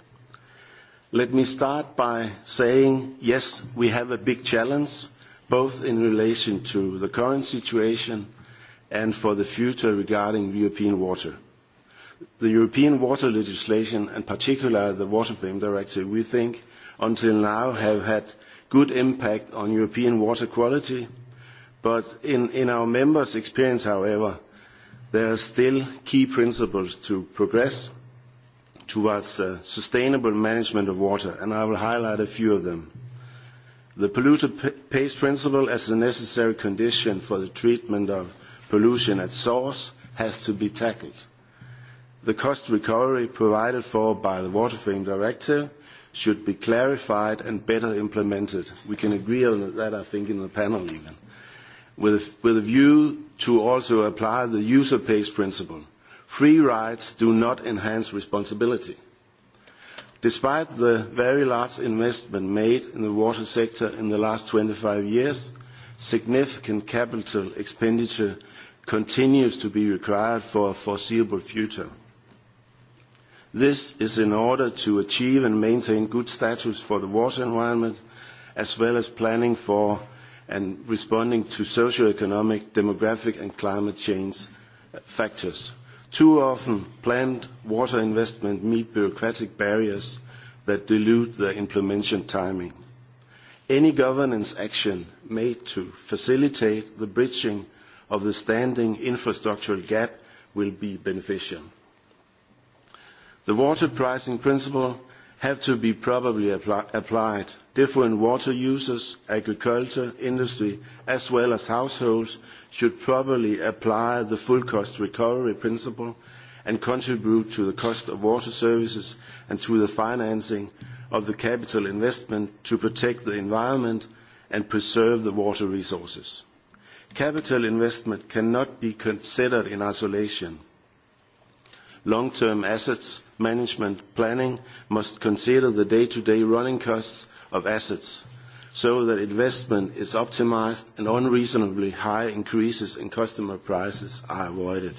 Let me start by saying, yes, we have a big challenge, both in relation to the current situation and for the future regarding European water. The European water legislation, and particularly the Water Frame Directive, we think until now have had good impact on European water quality. But in our members' experience, however, there are still key principles to progress towards uh, sustainable management of water, and I will highlight a few of them. The polluter pays principle as a necessary condition for the treatment of pollution at source has to be tackled. The cost recovery provided for by the Water Frame Directive should be clarified and better implemented. We can agree on that, I think, in the panel even, with, with a view to also apply the user pays principle Free rides do not enhance responsibility. Despite the very large investment made in the water sector in the last twenty five years, significant capital expenditure continues to be required for a foreseeable future. This is in order to achieve and maintain good status for the water environment, as well as planning for and responding to socio-economic, demographic, and climate change factors. Too often, planned water investment meet bureaucratic barriers that dilute the implementation timing. Any governance action made to facilitate the bridging of the standing infrastructural gap will be beneficial. The water pricing principle have to be probably applied. Different water users, agriculture, industry, as well as households should probably apply the full cost recovery principle and contribute to the cost of water services and to the financing of the capital investment to protect the environment and preserve the water resources. Capital investment cannot be considered in isolation. Long-term assets management planning must consider the day-to-day running costs of assets so that investment is optimised and unreasonably high increases in customer prices are avoided.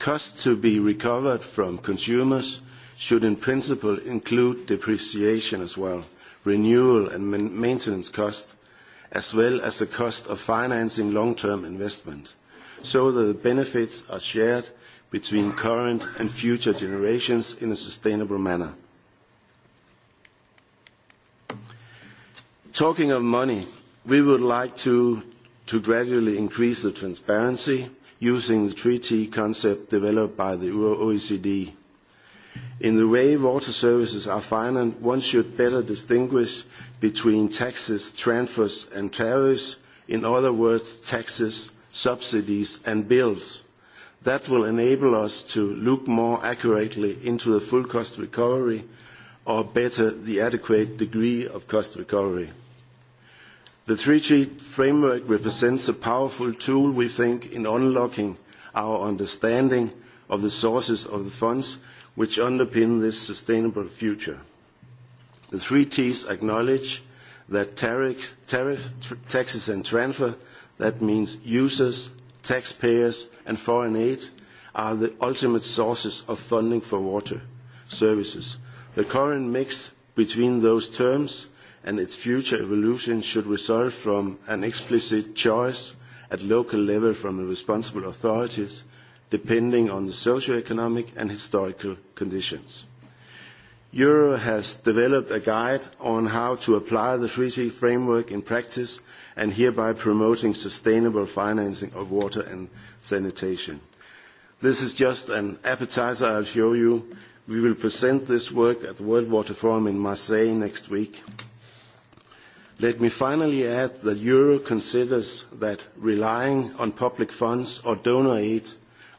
Costs to be recovered from consumers should in principle include depreciation as well, renewal and maintenance costs, as well as the cost of financing long-term investment, so that the benefits are shared between current and future generations in a sustainable manner. Talking of money, we would like to gradually increase the transparency using the treaty concept developed by the OECD. In the way water services are financed, one should better distinguish between taxes, transfers, and tariffs, in other words, taxes, subsidies, and bills. That will enable us to look more accurately into the full cost recovery or better, the adequate degree of cost recovery. The three-sheet framework represents a powerful tool, we think, in unlocking our understanding of the sources of the funds which underpin this sustainable future. The three Ts acknowledge that tariff, taxes and transfer, that means users, taxpayers, and foreign aid are the ultimate sources of funding for water services. The current mix between those terms and its future evolution should result from an explicit choice at local level from the responsible authorities, depending on the socio-economic and historical conditions. Euro has developed a guide on how to apply the treaty framework in practice and hereby promoting sustainable financing of water and sanitation. This is just an appetizer I show you. We will present this work at the World Water Forum in Marseille next week. Let me finally add that Euro considers that relying on public funds or donor aid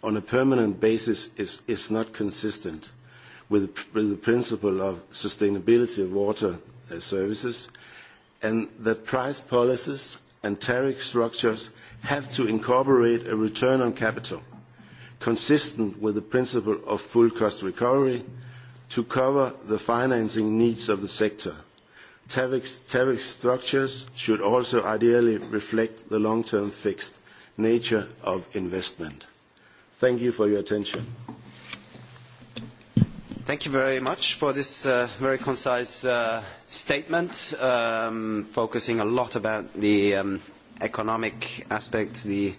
on a permanent basis is not consistent with, with the principle of sustainability of water services, and that price policies and tariff structures have to incorporate a return on capital consistent with the principle of full cost recovery to cover the financing needs of the sector. Tariff structures should also ideally reflect the long-term fixed nature of investment. Thank you for your attention. Thank you very much for this very concise statement, focusing a lot about the economic aspects, the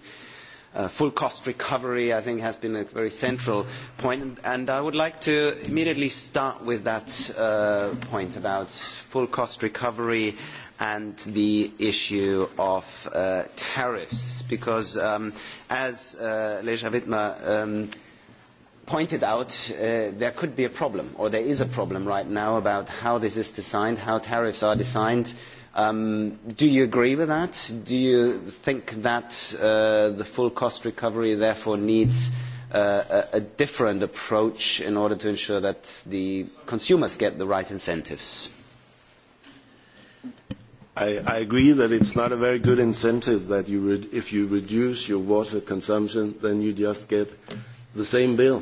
full cost recovery, I think, has been a very central point. And I would like to immediately start with that point about full cost recovery and the issue of tariffs, because as Leja Wittmer pointed out there could be a problem, or there is a problem right now about how this is designed, how tariffs are designed. do you agree with that? Do you think that the full cost recovery therefore needs a different approach in order to ensure that the consumers get the right incentives? I agree that it's not a very good incentive that you if you reduce your water consumption, then you just get the same bill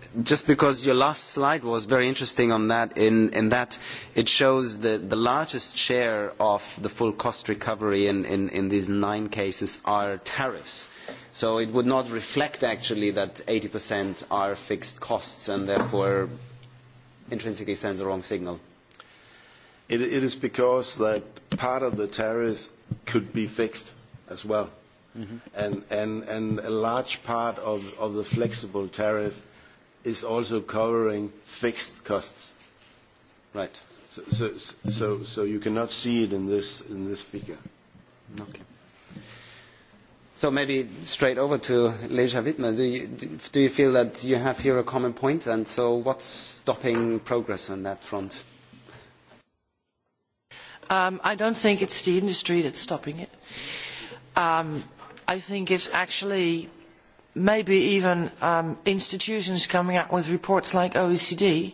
just because your last slide was very interesting on that, in, in that it shows that the largest share of the full cost recovery in, in, in these nine cases are tariffs. So it would not reflect actually that 80% are fixed costs and therefore intrinsically sends the wrong signal. It, it is because that part of the tariffs could be fixed as well. And, and, and a large part of, of the flexible tariff is also covering fixed costs. Right. So you cannot see it in this figure. Okay. So maybe straight over to Leja Widmer. Do you feel that you have here a common point, and so what's stopping progress on that front? I don't think it's the industry that's stopping it. I think it's actually maybe even institutions coming up with reports like OECD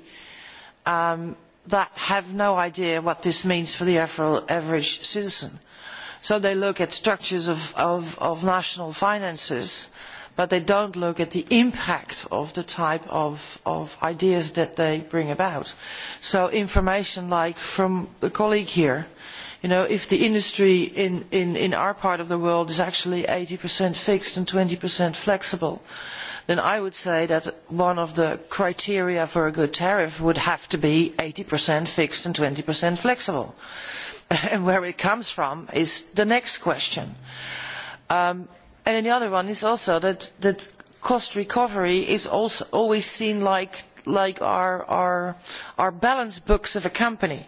that have no idea what this means for the average citizen. So they look at structures of, national finances, but they don't look at the impact of the type of, ideas that they bring about. So information like from the colleague here, if the industry in our part of the world is actually 80% fixed and 20% flexible, then I would say that one of the criteria for a good tariff would have to be 80% fixed and 20% flexible. And where it comes from is the next question. and the other one is also that, that cost recovery is also always seen like, like our, our, our balance books of a company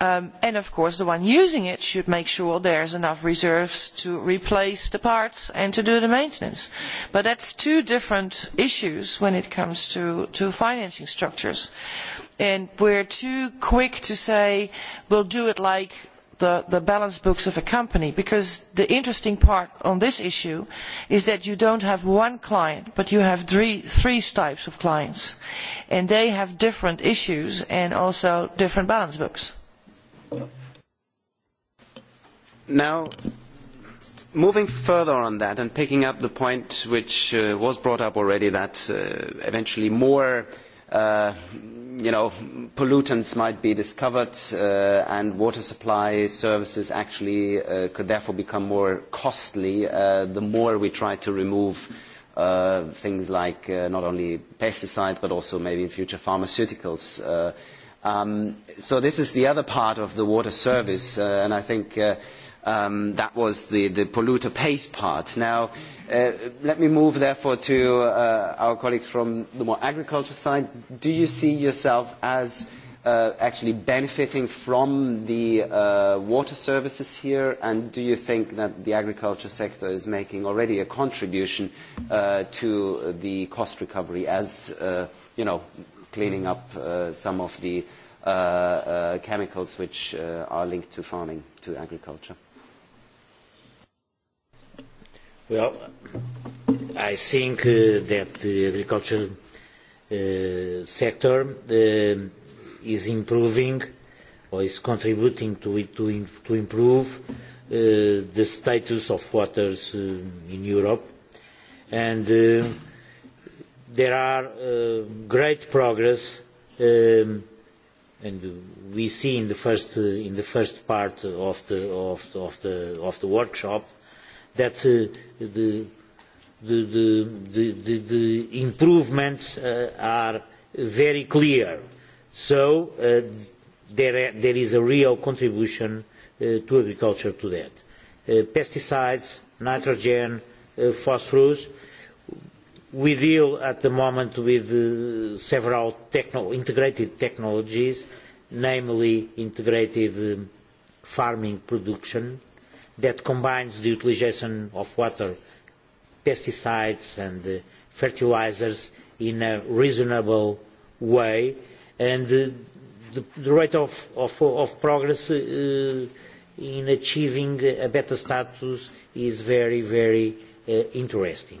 and of course the one using it should make sure there are enough reserves to replace the parts and to do the maintenance but that is two different issues when it comes to financing structures and we are too quick to say we will do it like the balance books of a company because the interesting part on this issue is that you do not have one client but you have three types of clients and they have different issues and also different balance books. Now, moving further on that and picking up the point which was brought up already that eventually more pollutants might be discovered and water supply services actually could therefore become more costly the more we try to remove things like not only pesticides but also maybe in future pharmaceuticals so this is the other part of the water service, and I think that was the, the polluter pays part. Now, let me move therefore to our colleagues from the more agriculture side. Do you see yourself as actually benefiting from the water services here, and do you think that the agriculture sector is making already a contribution to the cost recovery as, you know, cleaning up uh, some of the uh, uh, chemicals which uh, are linked to farming, to agriculture? Well, I think uh, that the agriculture uh, sector uh, is improving or is contributing to it to, to improve uh, the status of waters uh, in Europe. And uh, there are uh, great progress um, and we see in the first uh, in the first part of the of, of the of the workshop that uh, the the, the, the, the, the improvements uh, are very clear. So uh, there, there is a real contribution uh, to agriculture to that. Uh, pesticides, nitrogen, uh, phosphorus, uh, We deal at the moment with several integrated technologies, namely integrated farming production that combines the utilisation of water, pesticides and fertilisers in a reasonable way and the, rate of, progress in achieving a better status is very, very interesting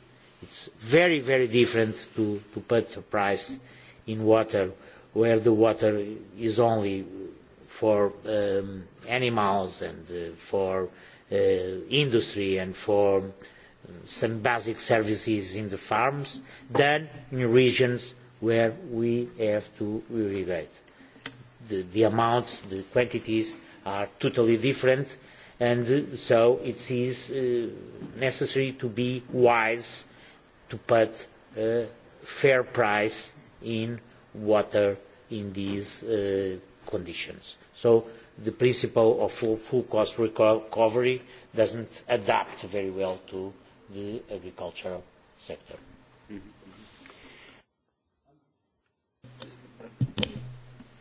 It's very, very different to, to put a price in water where the water is only for um, animals and uh, for uh, industry and for some basic services in the farms than in regions where we have to irrigate. The, the amounts, the quantities are totally different and so it is uh, necessary to be wise to put a fair price in water in these uh, conditions. So the principle of full, full cost recovery doesn't adapt very well to the agricultural sector.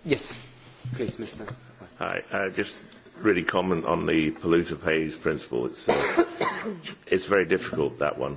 Yes, please, Mr. Hi, uh, just really comment on the polluter pays principle. It's, uh, it's very difficult, that one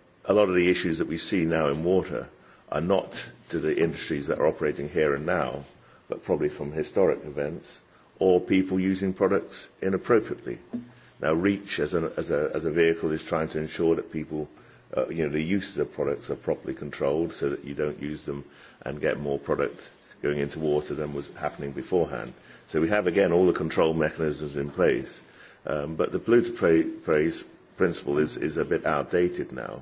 a lot of the issues that we see now in water are not to the industries that are operating here and now, but probably from historic events or people using products inappropriately. Now, REACH as a, as a, as a vehicle is trying to ensure that people, uh, you know, the use of products are properly controlled so that you don't use them and get more product going into water than was happening beforehand. So we have, again, all the control mechanisms in place. Um, but the polluter praise principle is, is a bit outdated now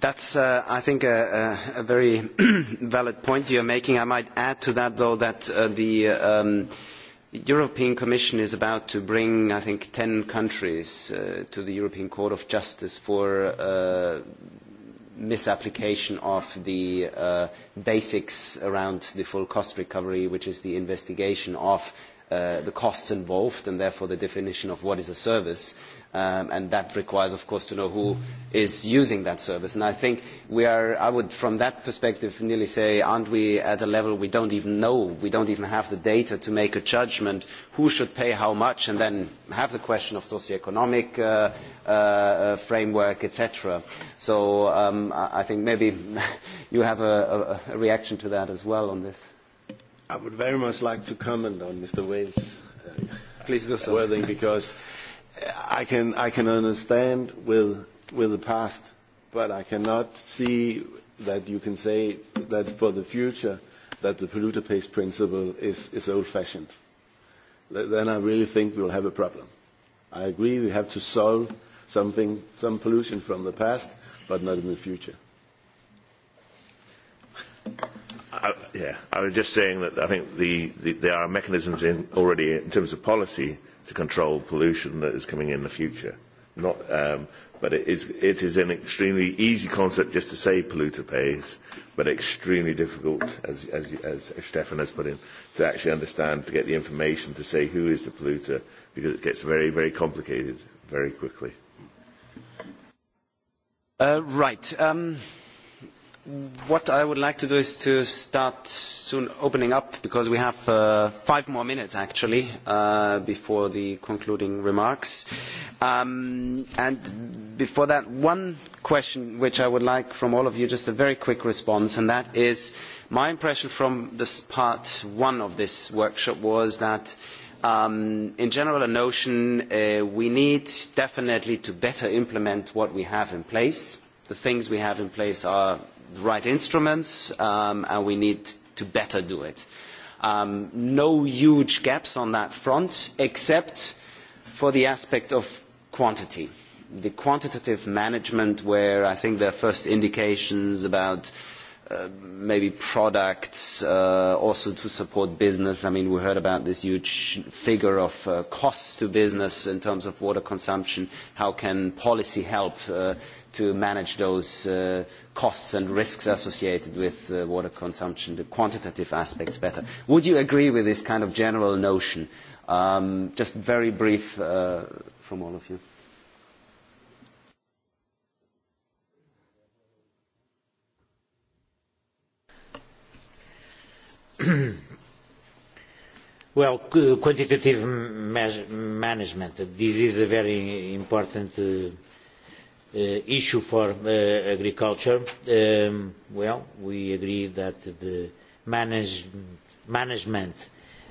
That's, uh, I think, a, a very valid point you're making. I might add to that, though, that uh, the um, European Commission is about to bring, I think, 10 countries uh, to the European Court of Justice for uh, misapplication of the uh, basics around the full cost recovery, which is the investigation of the costs involved and therefore the definition of what is a service and that requires, of course, to know who is using that service. And I think we are, I would, from that perspective, nearly say, aren't we at a level we don't even know, we don't even have the data to make a judgment who should pay how much, and then have the question of socioeconomic uh, uh, framework, etc. So I think maybe you have a, a, reaction to that as well on this. I would very much like to comment on Mr. Waves' wording because I can I can understand with with the past, but I cannot see that you can say that for the future that the polluter pays principle is, is old-fashioned. Then I really think we'll have a problem. I agree we have to solve something, some pollution from the past, but not in the future. I, yeah, I was just saying that I think the, the, there are mechanisms in already in terms of policy to control pollution that is coming in the future. Not, um, but it is, it is an extremely easy concept just to say polluter pays, but extremely difficult, as, as, as Stefan has put in, to actually understand, to get the information to say who is the polluter, because it gets very, very complicated very quickly. Uh, right. Um... What I would like to do is to start soon opening up because we have uh, five more minutes actually uh, before the concluding remarks. Um, and before that, one question which I would like from all of you, just a very quick response, and that is my impression from this part one of this workshop was that um, in general a notion uh, we need definitely to better implement what we have in place. The things we have in place are the right instruments, um, and we need to better do it. Um, no huge gaps on that front, except for the aspect of quantity. The quantitative management, where I think there are first indications about maybe products also to support business. I mean, we heard about this huge figure of costs to business in terms of water consumption. How can policy help to manage those costs and risks associated with water consumption, the quantitative aspects better. Would you agree with this kind of general notion? Just very brief from all of you. Well, quantitative management, this is a very important issue for agriculture, well, we agree that the management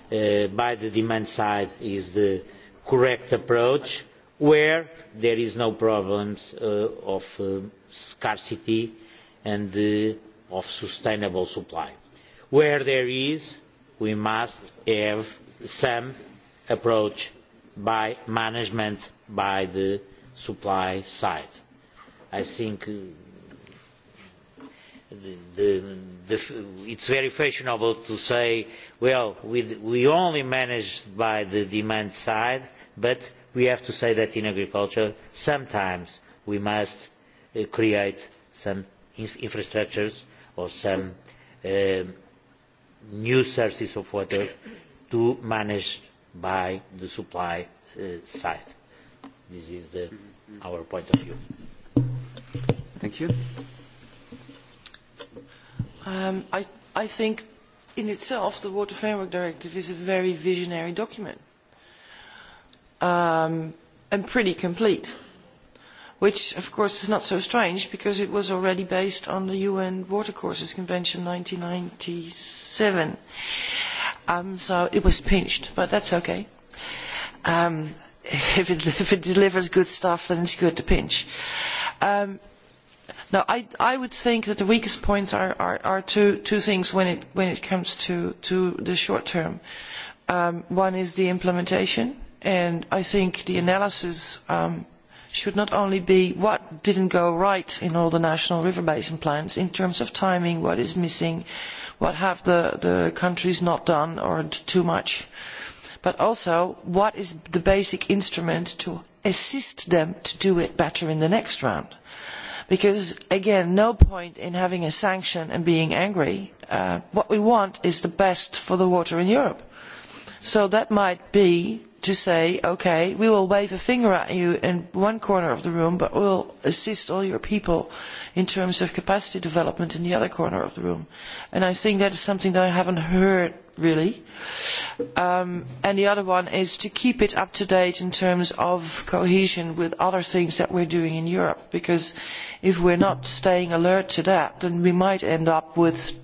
by the demand side is the correct approach where there is no problems of scarcity and of sustainable supply. Where there is, we must have some approach by management by the supply side I think the, the, the, it's very fashionable to say, well, we, we only manage by the demand side, but we have to say that in agriculture sometimes we must uh, create some inf infrastructures or some uh, new sources of water to manage by the supply uh, side. This is the, our point of view. Thank you. Um, I, I think in itself the Water Framework Directive is a very visionary document um, and pretty complete, which of course is not so strange because it was already based on the UN Water Courses Convention 1997. Um, so it was pinched, but that's okay. Um, if, it, if it delivers good stuff, then it's good to pinch. Now, I, I would think that the weakest points are, are, are two, two things when it, when it comes to, to the short term. Um, one is the implementation, and I think the analysis um, should not only be what didn't go right in all the national river basin plans in terms of timing, what is missing, what have the, the countries not done or too much, but also what is the basic instrument to assist them to do it better in the next round. Because, again, no point in having a sanction and being angry. what we want is the best for the water in Europe. So that might be to say, okay, we will wave a finger at you in one corner of the room, but we will assist all your people in terms of capacity development in the other corner of the room. And I think that is something that I haven't heard really. Um, and the other one is to keep it up to date in terms of cohesion with other things that we're doing in Europe, because if we're not staying alert to that, then we might end up with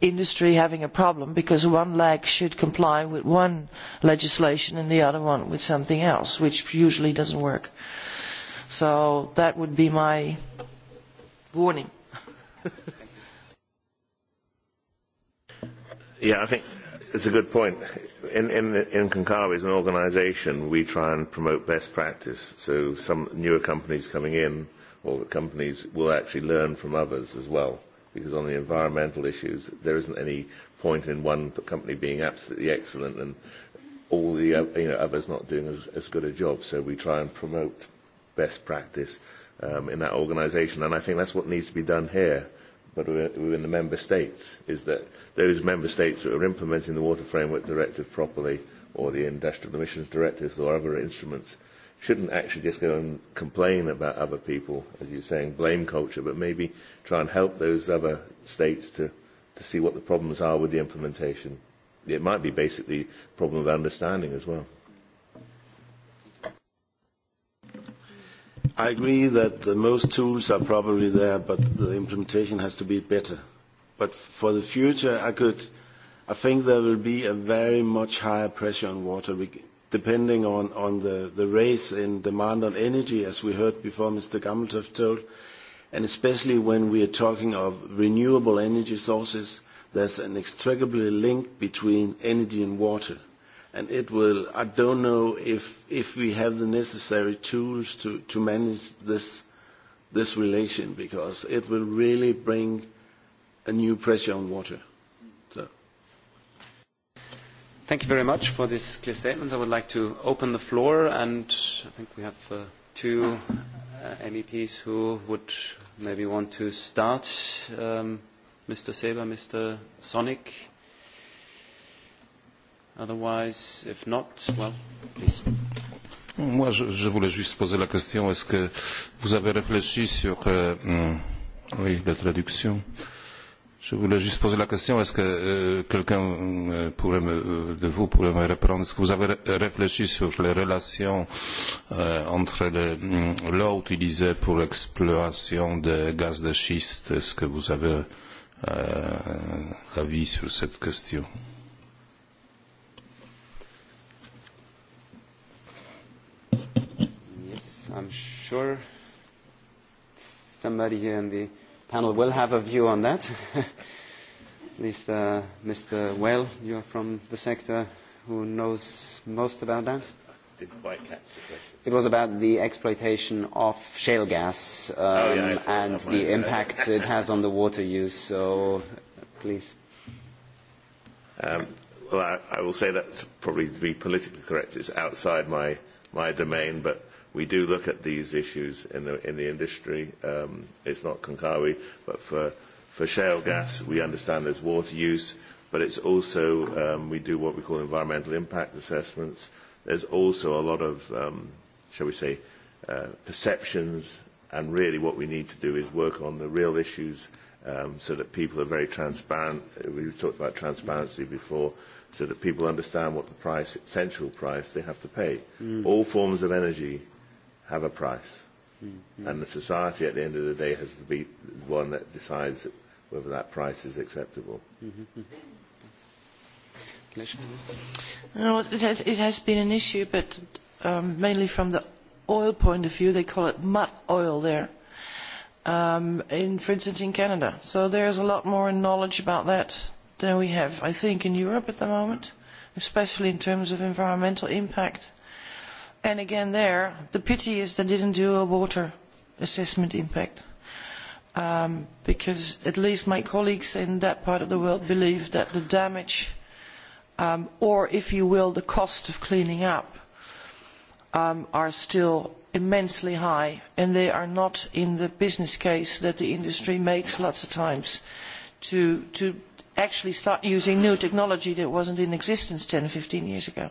industry having a problem because one leg should comply with one legislation and the other one with something else, which usually doesn't work. So that would be my warning. yeah, I think It's a good point. In, in, in Concavi as an organisation, we try and promote best practice. So some newer companies coming in, or companies will actually learn from others as well. Because on the environmental issues, there isn't any point in one company being absolutely excellent and all the you know, others not doing as, as good a job. So we try and promote best practice um, in that organisation, and I think that's what needs to be done here but within the member states, is that those member states that are implementing the Water Framework Directive properly or the Industrial Emissions Directives or other instruments shouldn't actually just go and complain about other people, as you're saying, blame culture, but maybe try and help those other states to, to see what the problems are with the implementation. It might be basically a problem of understanding as well. I agree that the most tools are probably there, but the implementation has to be better. But for the future, I could, I think there will be a very much higher pressure on water, depending on, on the, the race in demand on energy, as we heard before Mr. Gammeltoft told, and especially when we are talking of renewable energy sources, there's an inextricably link between energy and water – and it will. I don't know if if we have the necessary tools to to manage this this relation because it will really bring a new pressure on water. Thank you very much for this clear statement. I would like to open the floor, and I think we have uh, two uh, MEPs who would maybe want to start. Um, Mr. Saber, Mr. Sonic. Otherwise, if not, well, please. Moi, je, je voulais juste poser la question. Est-ce que vous avez réfléchi sur... Euh, oui, la traduction. Je voulais juste poser la question. Est-ce que euh, quelqu'un euh, euh, de vous pourrait me répondre Est-ce que vous avez réfléchi sur les relations euh, entre l'eau utilisée pour l'exploration des gaz de schiste Est-ce que vous avez euh, avis sur cette question I'm sure somebody here in the panel will have a view on that. At least uh, Mr. Well, you're from the sector who knows most about that. Didn't quite catch the question. It was about the exploitation of shale gas um, oh, yeah, and the impact it has on the water use. So, please. Um, well, I, I will say that's probably to be politically correct. It's outside my my domain, but we do look at these issues in the, in the industry. Um, it's not Konkawi, but for, for shale gas, we understand there's water use, but it's also, um, we do what we call environmental impact assessments. There's also a lot of, um, shall we say, uh, perceptions, and really what we need to do is work on the real issues um, so that people are very transparent. We've talked about transparency before so that people understand what the price, potential price they have to pay. Mm. All forms of energy have a price. Mm-hmm. And the society at the end of the day has to be the one that decides whether that price is acceptable. Mm-hmm. has it has been an issue, but um, mainly from the oil point of view, they call it mud oil there. Um, in, for instance, in Canada, so there's a lot more knowledge about that than we have, I think, in Europe at the moment, especially in terms of environmental impact And again there, the pity is they didn't do a water assessment impact. Um, because at least my colleagues in that part of the world believe that the damage, um, or if you will, the cost of cleaning up, um, are still immensely high and they are not in the business case that the industry makes lots of times to, to actually start using new technology that wasn't in existence ten or fifteen years ago.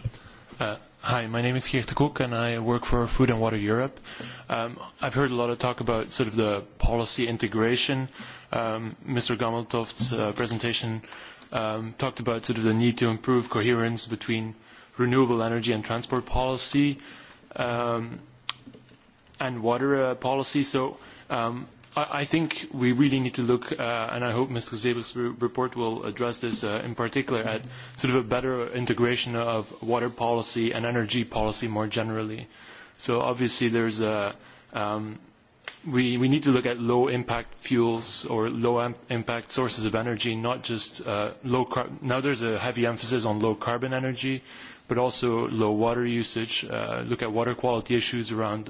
Hi, my name is Geert de and I work for Food and Water Europe. Um, I've heard a lot of talk about sort of the policy integration. Um, Mr. Gameltoft's uh, presentation um, talked about sort of the need to improve coherence between renewable energy and transport policy um, and water uh, policy. So um, I think we really need to look, and I hope Mr. Zeber's report will address this in particular, at sort of a better integration of water policy and energy policy more generally. So obviously there's a, we need to look at low-impact fuels or low-impact sources of energy, not just low carbon. Now there's a heavy emphasis on low-carbon energy, but also low water usage, look at water quality issues around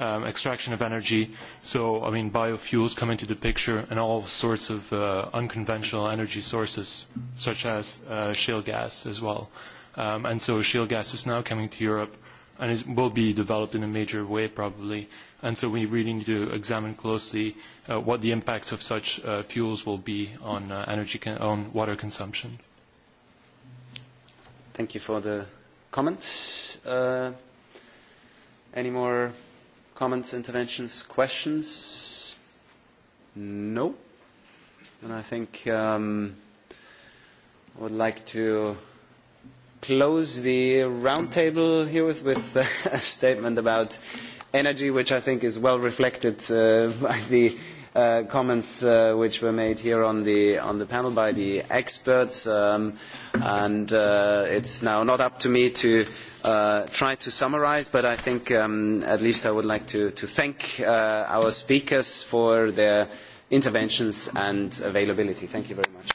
um, extraction of energy. So, I mean, biofuels come into the picture and all sorts of uh, unconventional energy sources, such as uh, shale gas as well. Um, and so shale gas is now coming to Europe and it will be developed in a major way probably. And so we really need to examine closely uh, what the impacts of such uh, fuels will be on uh, energy con on water consumption. Thank you for the comment. Uh, any more Comments, interventions, questions? No. And I think um, I would like to close the roundtable here with, with a statement about energy, which I think is well reflected uh, by the comments which were made here on the panel by the experts. and It's now not up to me to try to summarise, but I think at least I would like to thank our speakers for their interventions and availability. Thank you very much.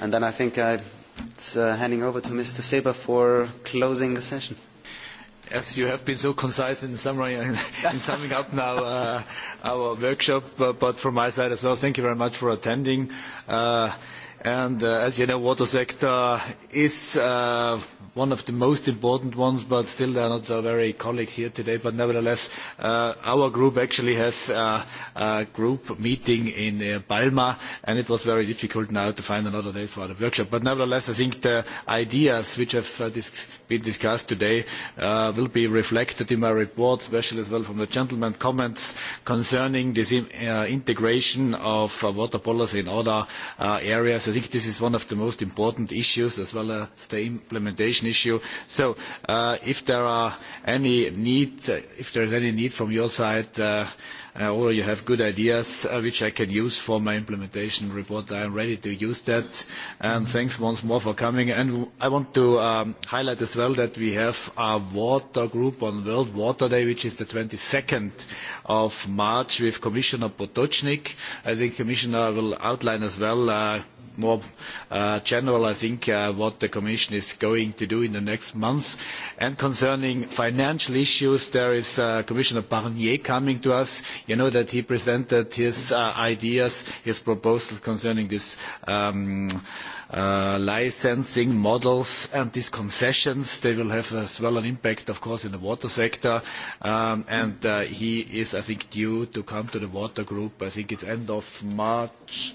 And Then I think I'm handing over to Mr. Seeber for closing the session as you have been so concise in in summing up now our workshop, but from my side as well, thank you very much for attending. And as you know, water sector is one of the most important ones, but still there are not very colleagues here today. But nevertheless, our group actually has a group meeting in Palma, and it was very difficult now to find another day for the workshop. But nevertheless, I think the ideas which have been discussed today will be reflected in my report, especially as well from the gentleman's comments concerning this integration of water policy in other areas think this is one of the most important issues as well as the implementation issue. So if there are any need, if there is any need from your side, or you have good ideas which I can use for my implementation report, I am ready to use that. And thanks once more for coming. And I want to highlight as well that we have a water group on World Water Day, which is the 22nd of March with Commissioner Potočnik. I think Commissioner will outline as well more general, I think, what the Commission is going to do in the next months. concerning financial issues, there is Commissioner Barnier coming to us. You know that he presented his ideas, his proposals concerning this licensing models and these concessions. They will have as well an impact, of course, in the water sector. And he is, I think, due to come to the water group. I think it's end of March